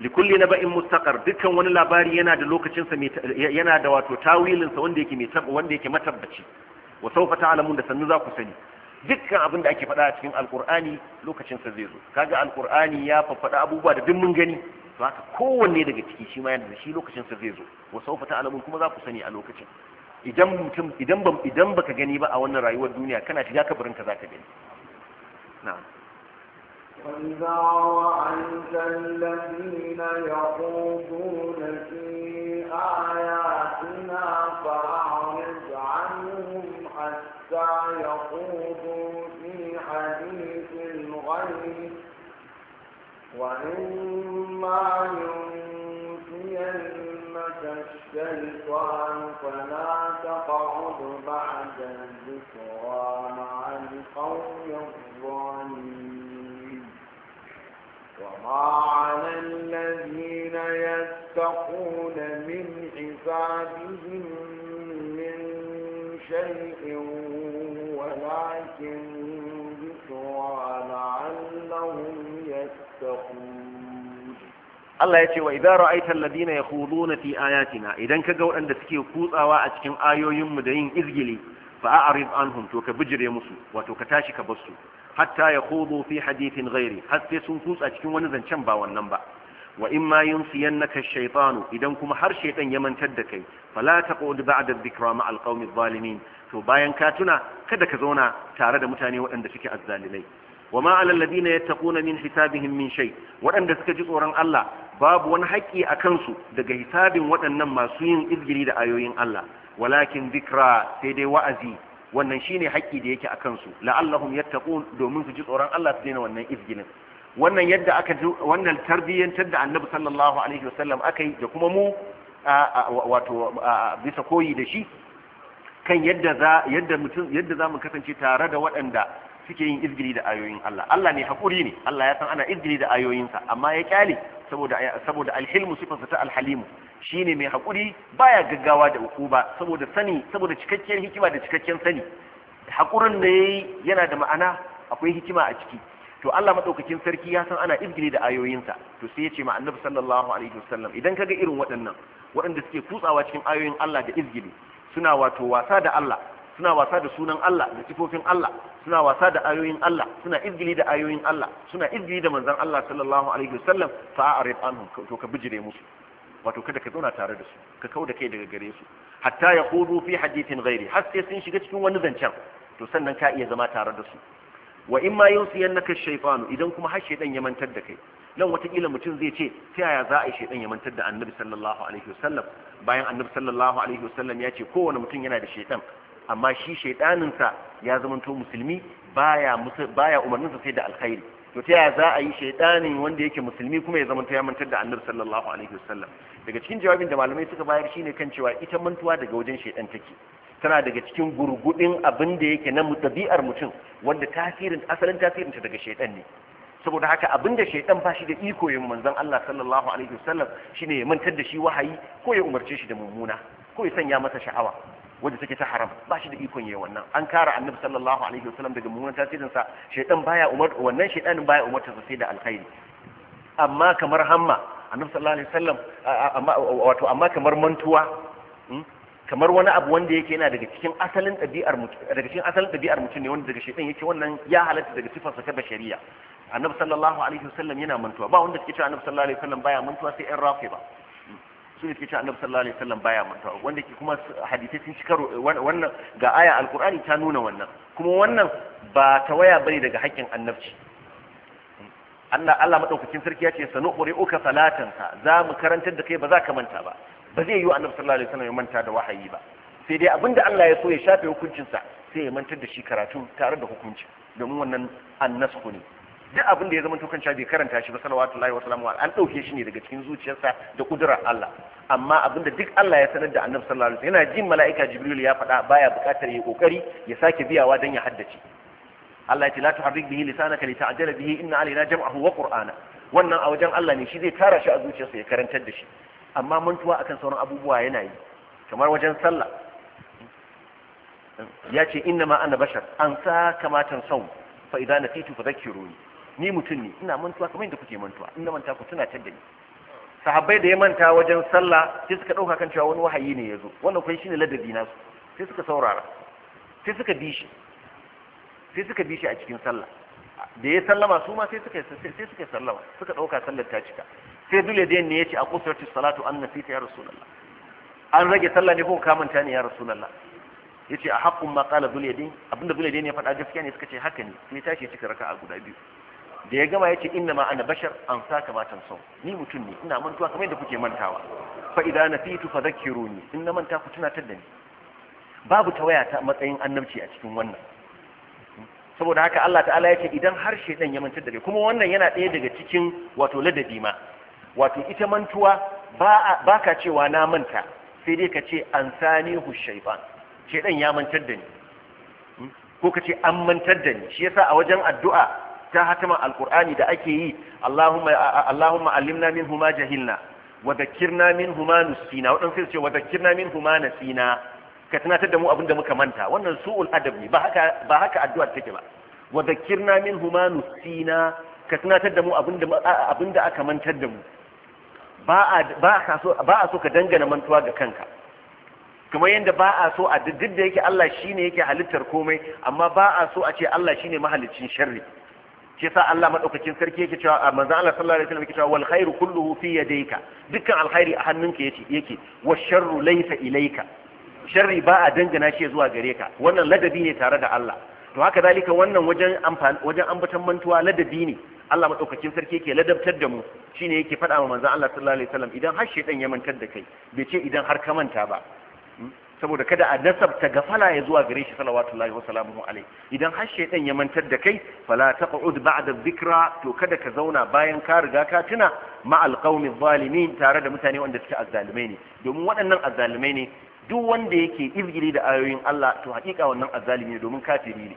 likulli naba'in mustaqar dukkan wani labari yana da lokacin sa yana da wato tawilin sa wanda yake mai wanda yake matabbaci wa sawfa da sannu za ku sani dukkan abin da ake faɗa a cikin alkur'ani lokacinsa zai zo kaga alkur'ani ya faɗa abubuwa da duk mun gani to haka kowanne daga ciki shi ma yana da shi lokacinsa zai zo wa saufa alamu kuma za ku sani a lokacin idan mutum idan ban idan baka gani ba a wannan rayuwar duniya kana shiga kabarin ka zaka gani na'am وإذا رأيت الذين يخوضون في آياتنا فأعرض عنهم حتى يخوضوا وإما ينسينك الشيطان فلا تقعد بعد الذكرى مع القوم الظالمين وما على الذين يتقون من حسابهم من شيء ولكن لعلهم يتقون الله يتي وإذا رأيت الذين يخوضون في آياتنا إذا كجو أن تسكي كوطا وأتكم آيو يم دين إذجلي فأعرض عنهم توك بجر يمسو وتوك تاشي كبسو حتى يخوضوا في حديث غيري حتى سنفوس أتكم ونزن شنبا والنبا وإما ينسينك الشيطان إذا كما هر شيطان يمن تدكي فلا تقعد بعد الذكرى مع القوم الظالمين to bayan ka tuna kada ka zauna tare da mutane waɗanda suke azzalimai wa ma alal ladina yattaquna min hisabihim min shay waɗanda suka ji tsoron Allah babu wani haƙƙi a kansu daga hisabin waɗannan masu yin izgiri da ayoyin Allah walakin zikra sai dai wa'azi wannan shine haƙƙi da yake a kansu la'allahum yattaqun domin su ji tsoron Allah su daina wannan izgirin wannan yadda aka wannan tarbiyyantar da annabi sallallahu alaihi wasallam aka yi da kuma mu wato bisa koyi da shi kan yadda za yadda mutum yadda kasance tare da waɗanda suke yin izgili da ayoyin Allah Allah ne hakuri ne Allah ya san ana izgili da ayoyinsa amma ya kyale saboda saboda alhilmu sifarsa ta alhalimu shine mai hakuri baya gaggawa da ukuba saboda sani saboda cikakken hikima da cikakken sani hakurin da ya yi yana da ma'ana akwai hikima a ciki to Allah madaukakin sarki ya san ana izgili da ayoyinsa to sai ya ce ma annabi sallallahu alaihi wasallam idan kaga irin waɗannan waɗanda suke kutsawa cikin ayoyin Allah da izgili suna wato wasa da Allah suna wasa da sunan Allah da sifofin Allah suna wasa da ayoyin Allah suna izgili da ayoyin Allah suna izgili da manzon Allah sallallahu alaihi wasallam fa a'rid anhum to ka bijire musu wato kada ka zauna tare da su ka kauda kai daga gare su hatta yaqudu fi hadithin ghairi har sai sun shiga cikin wani zancen to sannan ka iya zama tare da su wa in ma yunsiyannaka shaytanu idan kuma har shaytan ya mantar da kai nan watakila mutum zai ce ta yaya za a yi shaidan ya mantar da annabi sallallahu alaihi wasallam bayan annabi sallallahu alaihi wasallam ya ce kowane mutum yana da shaidan amma shi shaidaninsa ya zamanto musulmi baya umarninsa sai da alkhairi to ta yaya za a yi shaidanin wanda yake musulmi kuma ya zamanto ya mantar da annabi sallallahu alaihi wasallam daga cikin jawabin da malamai suka bayar shine kan cewa ita mantuwa daga wajen shaidan take tana daga cikin gurgudin abin da yake na ɗabi'ar mutum wanda tasirin asalin tasirin ta daga shaidan ne saboda haka abin da shaidan ba shi da iko yin manzon Allah sallallahu alaihi wasallam shine ya mantar da shi wahayi ko ya umarce shi da mummuna ko ya sanya masa sha'awa wadda take ta haram ba shi da ikon yayi wannan an kara annabi sallallahu alaihi wasallam daga mummunan tasirin sa shedan baya umar wannan shedanin baya umar ta sai da alkhairi amma kamar hamma annabi sallallahu alaihi wasallam amma wato amma kamar mantuwa hmm, kamar wani abu wanda yake yana daga cikin asalin ɗabi'ar mutum daga cikin asalin ɗabi'ar mutum ne wanda daga shedan yake wannan ya halatta daga sa ta bashariya annabi sallallahu alaihi wasallam yana mantuwa ba wanda take cewa annabi sallallahu alaihi wasallam baya mantuwa sai ɗan rafi ba su ne ke cewa annabi sallallahu alaihi wasallam baya mantuwa wanda ke kuma hadisai sun cika wannan ga aya alqur'ani ta nuna wannan kuma wannan ba ta waya bane daga haƙƙin annabci Allah Allah madaukakin sarki ya ce sanuqri uka salatanka za mu karantar da kai ba za ka manta ba ba zai yi wa annabi sallallahu alaihi wasallam ya manta da wahayi ba sai dai abinda Allah ya so ya shafe hukuncinsa sai ya mantar da shi karatu tare da hukunci domin wannan annasku ne duk abin da ya zama tukan bai karanta shi ba salawatu lahi wa salamu an dauke shi ne daga cikin zuciyarsa da kudurar Allah amma abin da duk Allah ya sanar da Annabi sallallahu alaihi wasallam yana jin mala'ika Jibril ya faɗa baya buƙatar ya kokari ya sake biyawa dan ya haddace Allah ya ce la tuharrik bihi lisanaka li ta'jala bihi inna alaina jam'ahu wa qur'ana wannan a wajen Allah ne shi zai tara shi a zuciyarsa ya karantar da shi amma mantuwa akan sauran abubuwa yana yi kamar wajen sallah ya ce inna ma ana bashar an sa kamatan sau fa idan nasitu fadhakkiruni ni mutum ne ina mantuwa kamar yadda kuke mantuwa in na manta ku tuna tar da ni sahabbai da ya manta wajen sallah sai suka dauka kan cewa wani wahayi ne ya zo wannan kuma shine ladabi nasu sai suka saurara sai suka bi shi sai suka bi shi a cikin sallah da ya sallama su ma sai suka sai suka sallama suka dauka sallar ta cika sai dole da ya yace a qudratu salatu an nasita ya rasulullah an rage sallah ne ko ka manta ne ya rasulullah yace a haqqun ma qala dole abinda dole din ya faɗa gaskiya ne suka ce haka ne sai tashi cika raka'a guda biyu da ya gama ya ce inna ma ana bashar an saka ma sau ni mutum ne ina mantuwa kamar yadda kuke mantawa fa idza nafitu fadhakkiruni in na manta ku tunatar da ni babu tawaya ta matsayin annabci a cikin wannan saboda haka Allah ta'ala ce idan har shedan ya mantar da kai kuma wannan yana ɗaya daga cikin wato ladabi ma wato ita mantuwa ba ba ka cewa na manta sai dai ka ce an sani hu shaytan shedan ya mantar da ni hmm? ko ka ce an mantar da ni shi yasa a wajen addu'a ta hatima alkur'ani da ake yi Allahumma allimna min huma jahilna wa dhakkirna min huma nusina wadan sai ce wa dhakkirna min huma nasina ka tunatar da mu abin da muka manta wannan su'ul adab ne ba haka ba haka addu'a take ba wa dhakkirna min huma nusina ka tunatar da mu abin da aka mantar da mu ba a so ka dangana mantuwa ga kanka kamar yadda ba a so a duk da yake Allah shine yake halittar komai amma ba a so a ce Allah shine mahaliccin sharri shi yasa Allah madaukakin sarki yake cewa manzo Allah sallallahu alaihi wasallam yake cewa wal khairu kulluhu fi yadayka dukkan alkhairi a hannunka yake yake wa sharru laysa ilayka sharri ba a dangana shi zuwa gare ka wannan ladabi ne tare da Allah to haka zalika wannan wajen amfani wajen ambatan mantuwa ladabi ne Allah madaukakin sarki yake ladabtar da mu shine yake faɗa wa manzo Allah sallallahu alaihi wasallam idan har shedan ya mantar da kai bai ce idan har ka manta ba saboda kada a nasabta gafala ya zuwa gare shi salawatullahi wa salamuhu alai idan har shaytan ya mantar da kai fala taq'ud ba'da dhikra to kada ka zauna bayan ka riga ka tuna ma alqaumi zalimin tare da mutane wanda suke azzalimai ne domin waɗannan azzalumai ne duk wanda yake izgiri da ayoyin Allah to hakika wannan azzalimi ne domin kafiri ne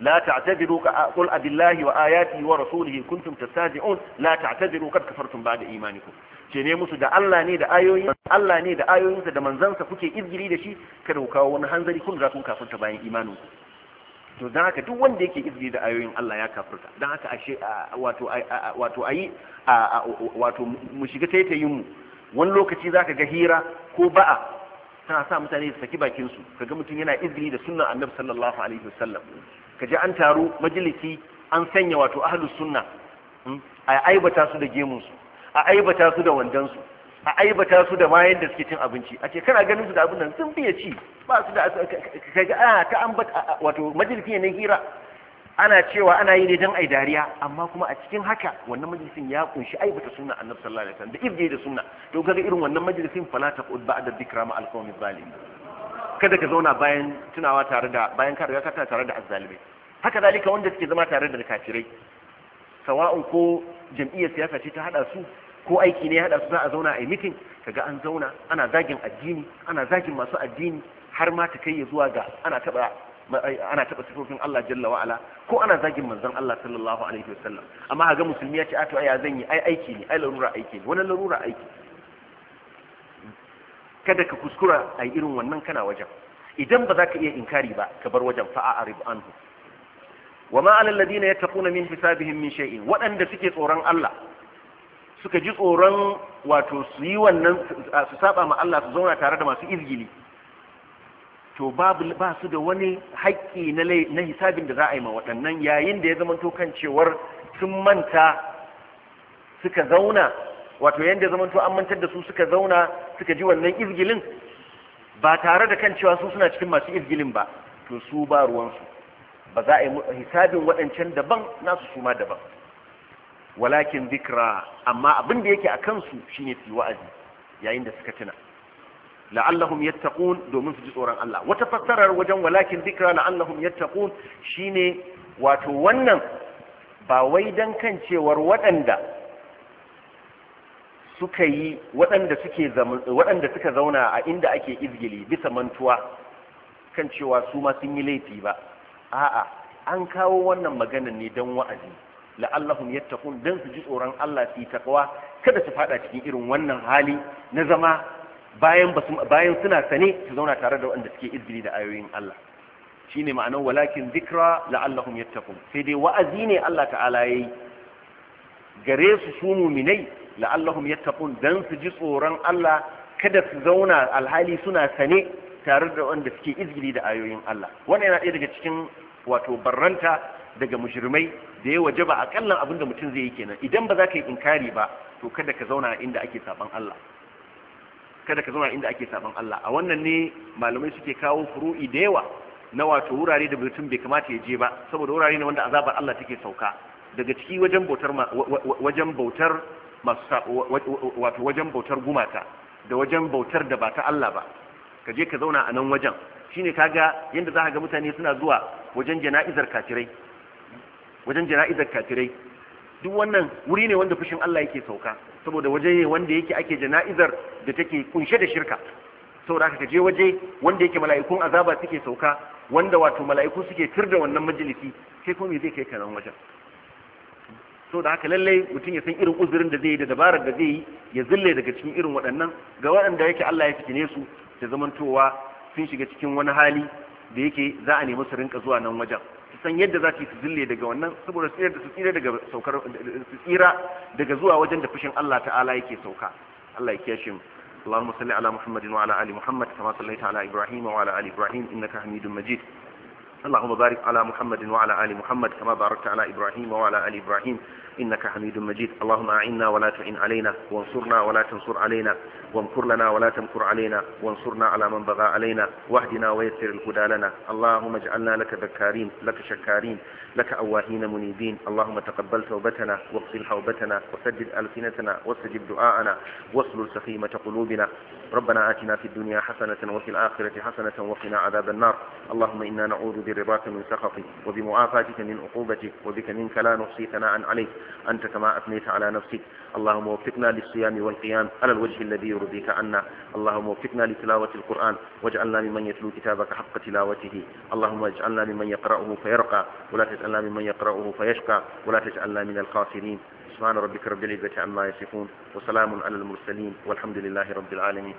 لا تعتذروا wa أبالله وآياته ورسوله كنتم تستهزئون لا تعتذروا قد كفرتم بعد إيمانكم ke ne musu da Allah ne da ayoyin Allah ne da ayoyinsa da manzansa kuke izgiri da shi kada ku kawo wani hanzari kun za kun kafirta bayan imanin ku to dan haka duk wanda yake izgiri da ayoyin Allah ya kafirta dan haka ashe wato wato ayi wato mu shiga taitayin mu wani lokaci zaka ga hira ko ba'a tana sa mutane su saki bakin su kaga mutum yana izgiri da sunnar Annabi sallallahu alaihi wasallam kaje an taru majalisi an sanya wato ahlus sunna hmm, a aibata su da gemun su a aibata su da wandansu a aibata su da mayan da suke cin abinci a ce kana ganin su da abin nan sun fiye ci ba su da kaga ana ah, ta ambata ah, ah, wato majalisin ne hira ana cewa ana yi ne dan ai dariya amma kuma a cikin haka wannan majalisin ya kunshi aibata sunna annabi sallallahu alaihi wasallam da ibdi da sunna to kaga irin wannan majalisin fala taqud ba'da dhikra ma al-qawmi zalim kada ka zauna bayan tunawa tare da bayan ka riga ka tare da azzalimi haka zalika wanda suke zama tare da kafirai sawa'un ko jam'iyyar siyasa ce ta hada su ko aiki ne ya hada su za a zauna a yi mitin kaga an zauna ana zagin addini ana zagin masu addini har ma ta kai ya zuwa ga ana taba ana taba sifofin Allah jalla wa'ala ko ana zagin manzon Allah sallallahu alaihi wasallam amma ga musulmi ya ce a to ai zan yi ai aiki ne ai larura aiki ne wannan larura aiki kada ka kuskura a irin wannan kana wajen idan ba za ka iya inkari ba ka bar wajen fa'a arib anhu wa ma alal ladina yattaquna min hisabihim min shay'in waɗanda suke tsoron Allah suka ji tsoron wato su yi wannan su saba ma Allah su zauna tare da masu izgili to babu ba su da wani haƙƙi na na hisabin da za a yi ma waɗannan yayin da ya zama to kan cewar sun manta suka zauna wato yanda ya zama to an mantar da su suka zauna suka ji wannan izgilin ba tare da kan cewa su suna cikin masu izgilin ba to su ba ruwansu ba za a yi hisabin waɗancan daban nasu su ma daban walakin zikira. amma abin da yake a kansu shine fi wa'azi yayin da suka tuna la'allahum yattaqun domin su ji tsoron Allah wata fassarar wajen walakin zikra la'allahum yattaqun shine wato wannan ba wai dan kan cewar waɗanda suka yi waɗanda suka zauna a inda ake izgili bisa mantuwa kan cewa su ma sun yi laifi ba a'a an kawo wannan maganan ne don wa'azi la'allahum yattaqun dan su ji tsoron Allah su takwa kada su fada cikin irin wannan hali na zama bayan bayan suna sane su zauna tare da wanda suke izini da ayoyin Allah shine ma'anar walakin dhikra la'allahum yattaqun sai dai wa'azi ne Allah ta'ala yayi gare su su muminai la'allahum yattaqun dan su ji tsoron Allah kada su zauna alhali suna sane tare da wanda suke izgili da ayoyin Allah wannan yana ɗaya daga cikin wato barranta daga mushrimai da ya wajaba akallan abinda mutum zai yi kenan idan ba za ka yi inkari ba to kada ka zauna inda ake saban Allah kada ka zauna inda ake saban Allah a wannan ne malamai suke kawo furu'i da yawa na wato wurare da mutum bai kamata ya je ba saboda wurare ne wanda azabar Allah take sauka daga ciki wajen bautar wajen bautar masu wato wajen bautar gumata da wajen bautar da ba ta Allah ba ka je ka zauna a nan wajen shine kaga yanda za a ga mutane suna zuwa wajen jana'izar kafirai wajen jana'izar duk wannan wuri ne wanda fushin Allah yake sauka saboda waje ne wanda yake ake jana'izar da take kunshe da shirka saboda haka je waje wanda yake mala'ikun azaba suke sauka wanda wato mala'iku suke da wannan majalisi sai ko me zai kai kanan wajen sau da haka lallai mutum ya san irin uzurin da zai yi da dabarar da zai yi ya zille daga cikin irin waɗannan ga waɗanda yake Allah ya fitine su ta zamantowa sun shiga cikin wani hali da yake za a nemi su rinka zuwa nan wajen ta san yadda za ta yi su zille daga wannan saboda su tsira daga su tsira zuwa wajen da fushin Allah ta'ala yake sauka Allah ya kiyashin Allahumma salli ala Muhammadin wa ala ali Muhammad kama sallaita ala Ibrahim wa ala ali Ibrahim innaka Hamidum Majid Allahumma barik ala Muhammadin wa ala ali Muhammad kama barakta ala Ibrahim wa ala ali Ibrahim إنك حميد مجيد اللهم أعنا ولا تعن علينا وانصرنا ولا تنصر علينا وامكر لنا ولا تمكر علينا وانصرنا على من بغى علينا واهدنا ويسر الهدى لنا اللهم اجعلنا لك ذكارين لك شكارين لك أواهين منيبين اللهم تقبل توبتنا واغسل حوبتنا وسدد ألسنتنا واستجب دعاءنا واسلل سخيمة قلوبنا ربنا آتنا في الدنيا حسنة وفي الآخرة حسنة وقنا عذاب النار اللهم إنا نعوذ برضاك من سخطك وبمعافاتك من عقوبتك وبك منك لا نحصي ثناء عليك أنت كما أثنيت على نفسك اللهم وفقنا للصيام والقيام على الوجه الذي يرضيك عنا اللهم وفقنا لتلاوة القرآن واجعلنا ممن يتلو كتابك حق تلاوته اللهم اجعلنا ممن يقرأه فيرقى ولا تجعلنا ممن يقرأه فيشقى ولا تجعلنا من الخاسرين سبحان ربك رب العزة عما يصفون وسلام على المرسلين والحمد لله رب العالمين